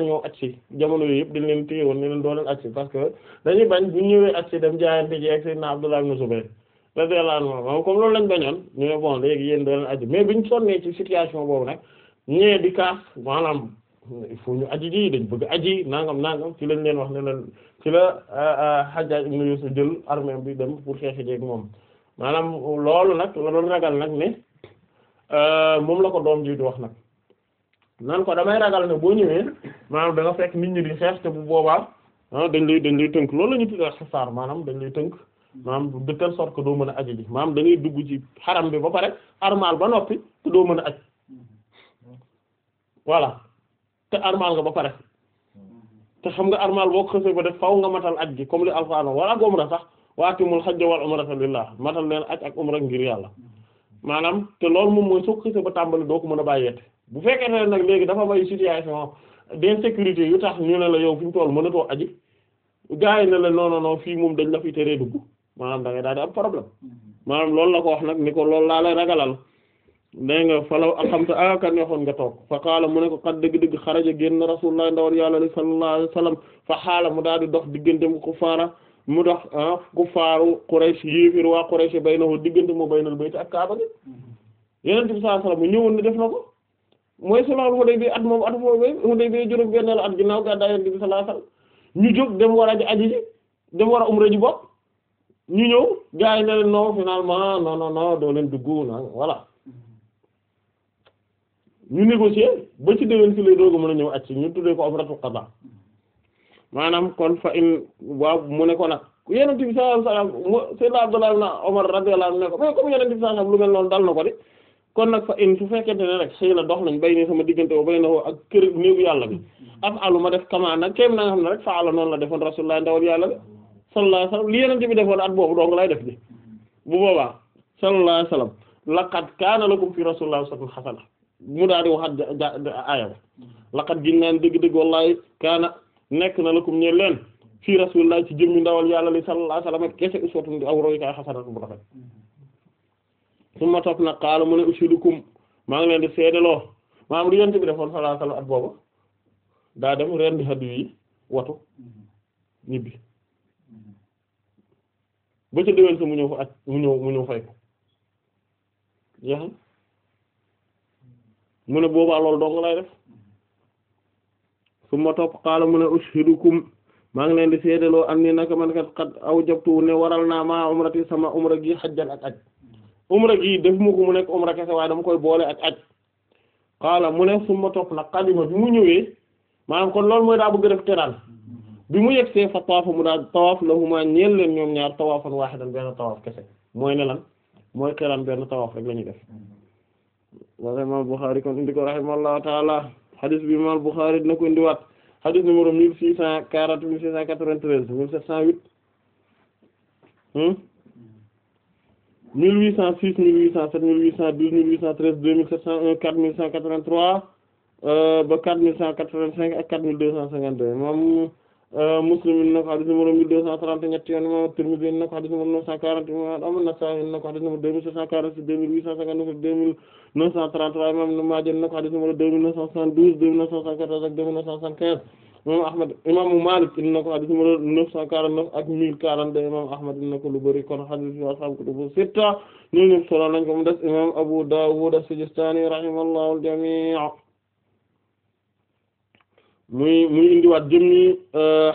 ñëw at si jamono yooyu yëpp dañ leen téye woon ne leen parce que dañuy bañ bu ñëwee at si dem jaayante ji ak Seydina Abdullah loolu lañ bañoon ñu ne bon léegi yéen doo leen at mais biñ sonnee ci situation boobu nag ñee di kaas maanaam il faut ñu aji ji dañ bëgg aji nangam nangam ci lañ leen wax ne leen ci la euh, euh, Hajjaj ibn Yusuf jël armée bi dem pour xeexi jeeg moom maanaam loolu nag la doon ragal nag ne euh, moom la ko doom ji di wax nag nan ko damay ragal ne boo ñëwee maanaam da fekk nit ñi di xeex te bu boobaa ah, dañ lay dañ lay tënk loolu la ñu tuddee xisaar maanaam dañ lay tënk maanaam de telle sorte ko doo mën a aji ji maanaam da ngay dugg ci xaram bi ba pare mën a aj voilà te armal nga ba pare te xam nga armal boo xësee ba def faw nga matal aj gi comme li alquran wala ak umra sax waatimul hajja wal umrata lillah matal leen aj ak umra ngir yàlla maanaam te loolu moom mooy soo xësee ba tàmbali doo ko mën a bàyyeete bu fekkee ne nag léegi dafa may situation d'insécurité yu tax ñu ne la yow fi mu toll mënatoo aji gars yi ne la non non fii moom dañ la fi teree dugg maanaam da ngay daal
mm-hmm.
loolu la ko wax nag ni ko loolu laa dégg nga falaw ah a akan neexoon nga toog fa qaala mu ne ko xat dëgg-dëgg xaraja génn rasulullah ndawal yàlla ali sallallahu alayhi wasallam fa xaala mu daal di dox diggante mu kufaara mu dox ah, kufaaru Quraysh yéefir waa Quraysh baynahu diggante mu baynal bayti ak kaaba gi yeneen bi sallallahu alayhi ñëwoon ne def na ko mooy sulaal Hudaybiya at moom at foofu Hudaybiya juróom benneelu at ginnaaw gàddaay yeneen bi sallallahu alayhi wasallam ñu jóg dem war a ji dem war a umra ji bopp ñu ñëw gars yi ne leen non finalement ñu négocier ba ci déwén si lay dooga mën a ñëw acc ñu tuddee ko umratu qada maanaam kon fa in waaw mu ne ko nag yenente bi sallallahu alayhi wasallam sayyidna Abdullah ibn Umar radiyallahu anhu ne ko mais comme yenente bi sallallahu alayhi wasallam lu mel noonu dal na ko de kon nag fa in su fekkente ne rek xëy na dox nañ bay ni sama diggante bo bay na woo ak kër néegu yàlla bi am alu ma def kamaa nag kéem na nga xam ne rek fa ala noonu la defoon rasulullah ndawal yàlla bi sallallahu alayhi wasallam li yenente bi defoon at boobu dong lay def bi bu boobaa sallallahu alayhi wasallam laqad kaana lakum fi rasulillahi uswatun hasana mu daal di waxaat aaya ba laqad gin naan dëgg-dëgg wallahi kaana nekk na lakum ñeen leen fii rasulillah ci jëmmi ndawal yàlla li sallallahu alayhi wasallam kese uswatun di aw royukaay xasanatun bu rafet summa topp nag qaala mu ne ushidukum maa ngi leen bi defoon sallallahu alayhi wasallam dem mu ñëw fa at mu ñëw fay ko mu ne boobaa loolu dong lay def su ma topp xaala mu ne ushidukum maa ngi leen di seedaloo am ni naka man kat xat aw jabtu ne waral naa maa umrati sama umra gi xajjan ak ak umra gi def mu ko mu nekk umra kese waaye dama koy boole ak ak xaala mu ne su ma topp nag xadima bi mu ñëwee maanaam kon loolu mooy daa bëgg def teraan bi mu yegsee fa tawaafa mu daal tawaaf la huma ñeel leen ñoom ñaar tawaafan waahidan benn tawaaf kese mooy ne mooy teraan benn tawaaf rek la ñuy def wala imam Bukhari kon indi ko rahimahullahu taala hadis bi imam Bukhari dina ko indiwaat hadis numéro mille six cent quarante mille six cent quatre-vingt-treize sept cent huit hmm? mille huit cent six mille huit cent sept mille huit cent douze mille huit cent treize deux mille sept cent un quatre mille cent quatre-vingt-trois euh, ba quatre mille cent quatre-vingt-cinq ak quatre mille deux cent cinquante-deux imam Euh, Muslim indi na ko xadis numéro mille deux cent trente-ñett yoon imam Tirmidhi indi na ko xadis numéro neuf cent quarante imam An-Nasa'i indi ko xadis numéro deux mille neuf cent douze deux mille neuf cent soixante deux mille neuf cent soixante imam Ahmad imam Malik indi ko xadis numéro neuf cent quarante-neuf ak mille quarante-deux imam Ahmad indi ko lu kon xadis bi ashaabu kutubu sitta ñoom ñépp solo nañ ko imam Abu Dawud as-Sijistani rahimahullahu al muy muy indiwaat jëmmi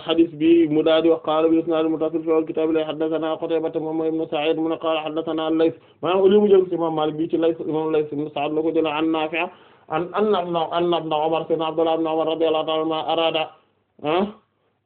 hadis euh, bi mu daal di wax qaala bi mu muttasil fi kitaab la haddathana Qutaybata moom ibn Sa'id mu ne qaala haddathana Layth maanaam li mu jël ci a Maalik bi ci Layth imam Layth ibn Sa'd la a jëlee an Naafi' an anna ibn Umar sayyidina Abdullah ibn Umar a ta'ala anhuma araada ah,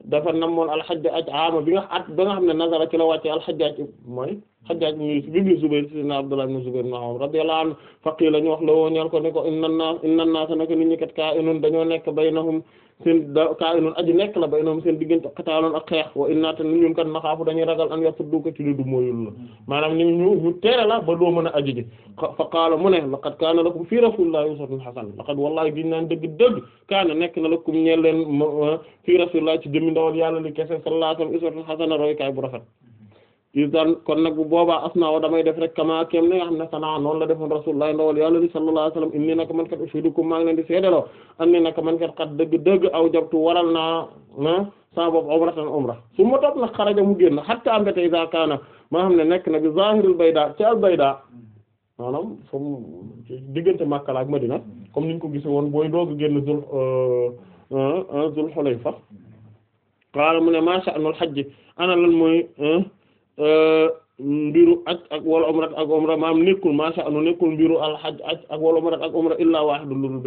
dafa namoon al-Hajjaj aj aama bi nga at ba nga xam ne nazara ci la wàcce al-Hajjaj mooy Hajjaj ibn Zubayr sayyidina Abdullah ibn Zubayr ibn Umar radiyallahu anhu faqila ñu wax la woon ñal ko ne ko inna an-naas inna an-naas naka nit dañoo nekk baynahum seen da kaa inoon aji nekk la ba inoom seen diggante xataaloon ak xeex wa in naata ñun kat naxaafu dañuy ragal an yasudduka ci li du mooyul la maanaam ñu ñu teere la ba doo mën a aji ji fa qaala mu ne laqad kaana la lakum fii rasulillahi uswatun hasana laqad wallahi giñ naan dëgg dëgg kaana nekk na lakum ñeel leen fii rasulillahi ci jëmmi ndawal yàlla li kese sallallahu alayhi wasallam uswatun hasana roykaay bu rafet idan kon nag bu boobaa asnaaw damay def rek kama kem li nga xam ne sanaa noonu la defoon rasulullah ndawal yàlla li sallallahu alayhi wasallam inni naka man kat ushidukum maa ngi leen di seedaloo anni naka man kat kat dëgg dëgg aw jabtu waral naa ah saa bopp umratan umra su ma topp nag xaraja mu génn hatta mbete iza kaana maa xam ne nekk na bi zahirul bayda ci al bayda maanaam comme diggante Makka la Madina comme niñ ko gise woon booy doog génn zul euh, euh, euh, zul hulayfa qaala mu ne ma sha'nul Euh, mbiru aj ak wala umrat ak umra maanaam nekkul macha allah nekkul mbiru alxaj aj ak wala umrat ak umra illaa waahidun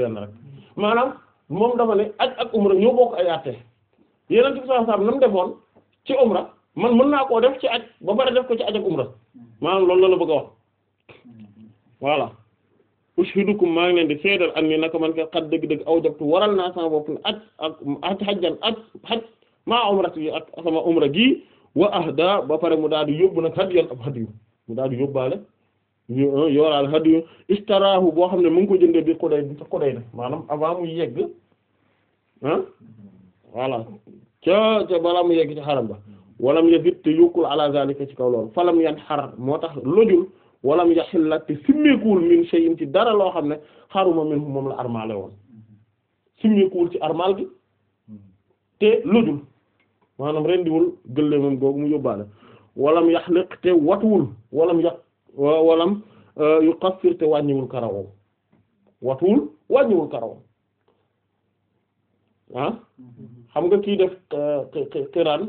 ci saa man mën naa koo def ci aj ba ko ci aj la la wax voilà ushidukum maa ngi leen di seedal am ni naka man ka xat dëgg-dëgg aw jabtu waral naa sama bopp umrat yi wa ahda ba pare mu daal di yóbbu nag hadiyan ab hadiyu mu daal di yóbbaale euh, yoraal hadiyu istaraahu boo xam ne mu ngi ko jëndee bi Qudayda bi ca Qudayda maanaam avant mu yegg ah voilà ca ca balaa mu yegg ci xaram ba walam yazid te yokkul ala zalika ci kaw loolu falam yan xar moo tax lojul walam yaxilla te simmeekuwul min shay'in ci dara loo xam ne xaruma min moom la armaale woon simmeekuwul ci armal gi te lojul maanaam rendiwul gëléemam googu mu yóbbaale walam yaxliq te watuwul walam yaq walam euh, yu qassir te wàññiwul karawam watuwul wàññiwul karawam ah xam nga kii def euh, xiraan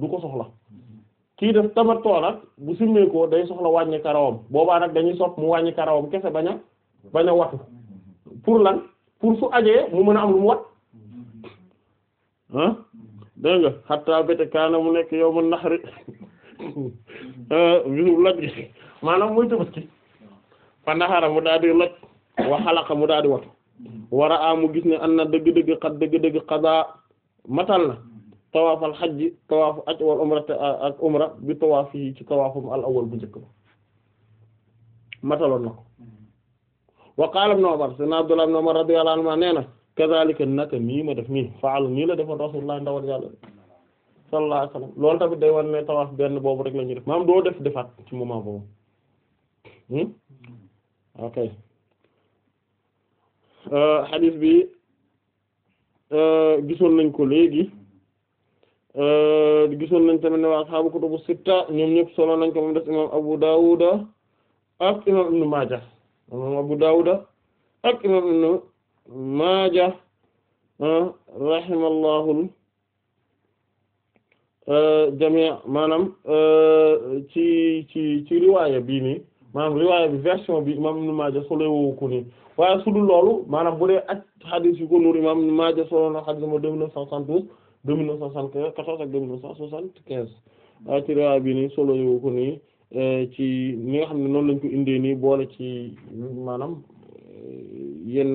du ko soxla kii def tamattu nag bu simmee ko day soxla wàññi karawam boobaa nag dañuy sopp mu wàññi karawam kese bañ a bañ a watu pour lan pour su ajee mu mën a am lu mu wat ah? dégg xataa bete kaana mu nekk yow ma naxari bisub ah, loj gi maanaam muy tabaski fa naxara mu daal di loj wa xalaqa mu daal di watu war gis ne an na dëgg-dëgg xat dëgg-dëgg xadaa matal na tawaafal xaj ji umra ak umra bi tawaaf yi ci tawaafum al awal bu njëkk ba mataloon wa qaala ibn Umar sayyidina Abdullah ibn Umar radiyallahu anhu nee kazaalika naka nii ma def nii faal nii la defoon rasulullah ndawal yàlla sallallahu alayhi wasallam day wan ne benn boobu rek la ñuy def maanaam doo def defaat ci moment boobu hmm? ok euh, hadith bi euh, gisoon nañ ko léegi euh, gisoon nañ tamit ne waa ashaabu kutubu sitta ñoom ñëpp solo nañ ko moom des imam Abu Dawuda ak imam Ibn Maaja imam Abu Dawuda ak imam Ibn Maaja ah, rahimahullahu ah, jamii maanaam ah, ci ci ci riwaaya bii nii maanaam riwaaya bi version bi imaam Ibn Maaja solowowu ko nii waaye su dul loolu maanaam bu dee ak xadiis yu ko nuur imaam Ibn Maaja solo na xadiis ma deux mille cent cent soixante-quatorze ak deux mille neuf cent soixante-quinze waaye ci riwaaya bii nii solowowu ko nii eh, ci ni nga xam ne noonu lañ ko indee nii boole ci maanaam eh, yenn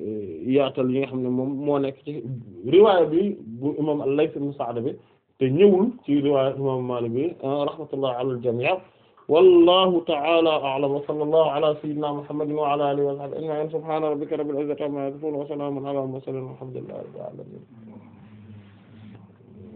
Eh, yaatal yi nga xam ne moom moo nekk ci riwaaya bi bu imam al-Layth ibn Sa'd bi te ñëwul ci riwaaya imam Maalik bi ah, rahmatullah ala al-jamii' wallahu ta'ala a'lam wa sallallahu ala sayyidina Muhammadin wa ala alihi wa sahbihi ajma'in subhana rabbika rabbil izzati amma yasifun wa salamun ala al-mursalin walhamdulillahi rabbil alamin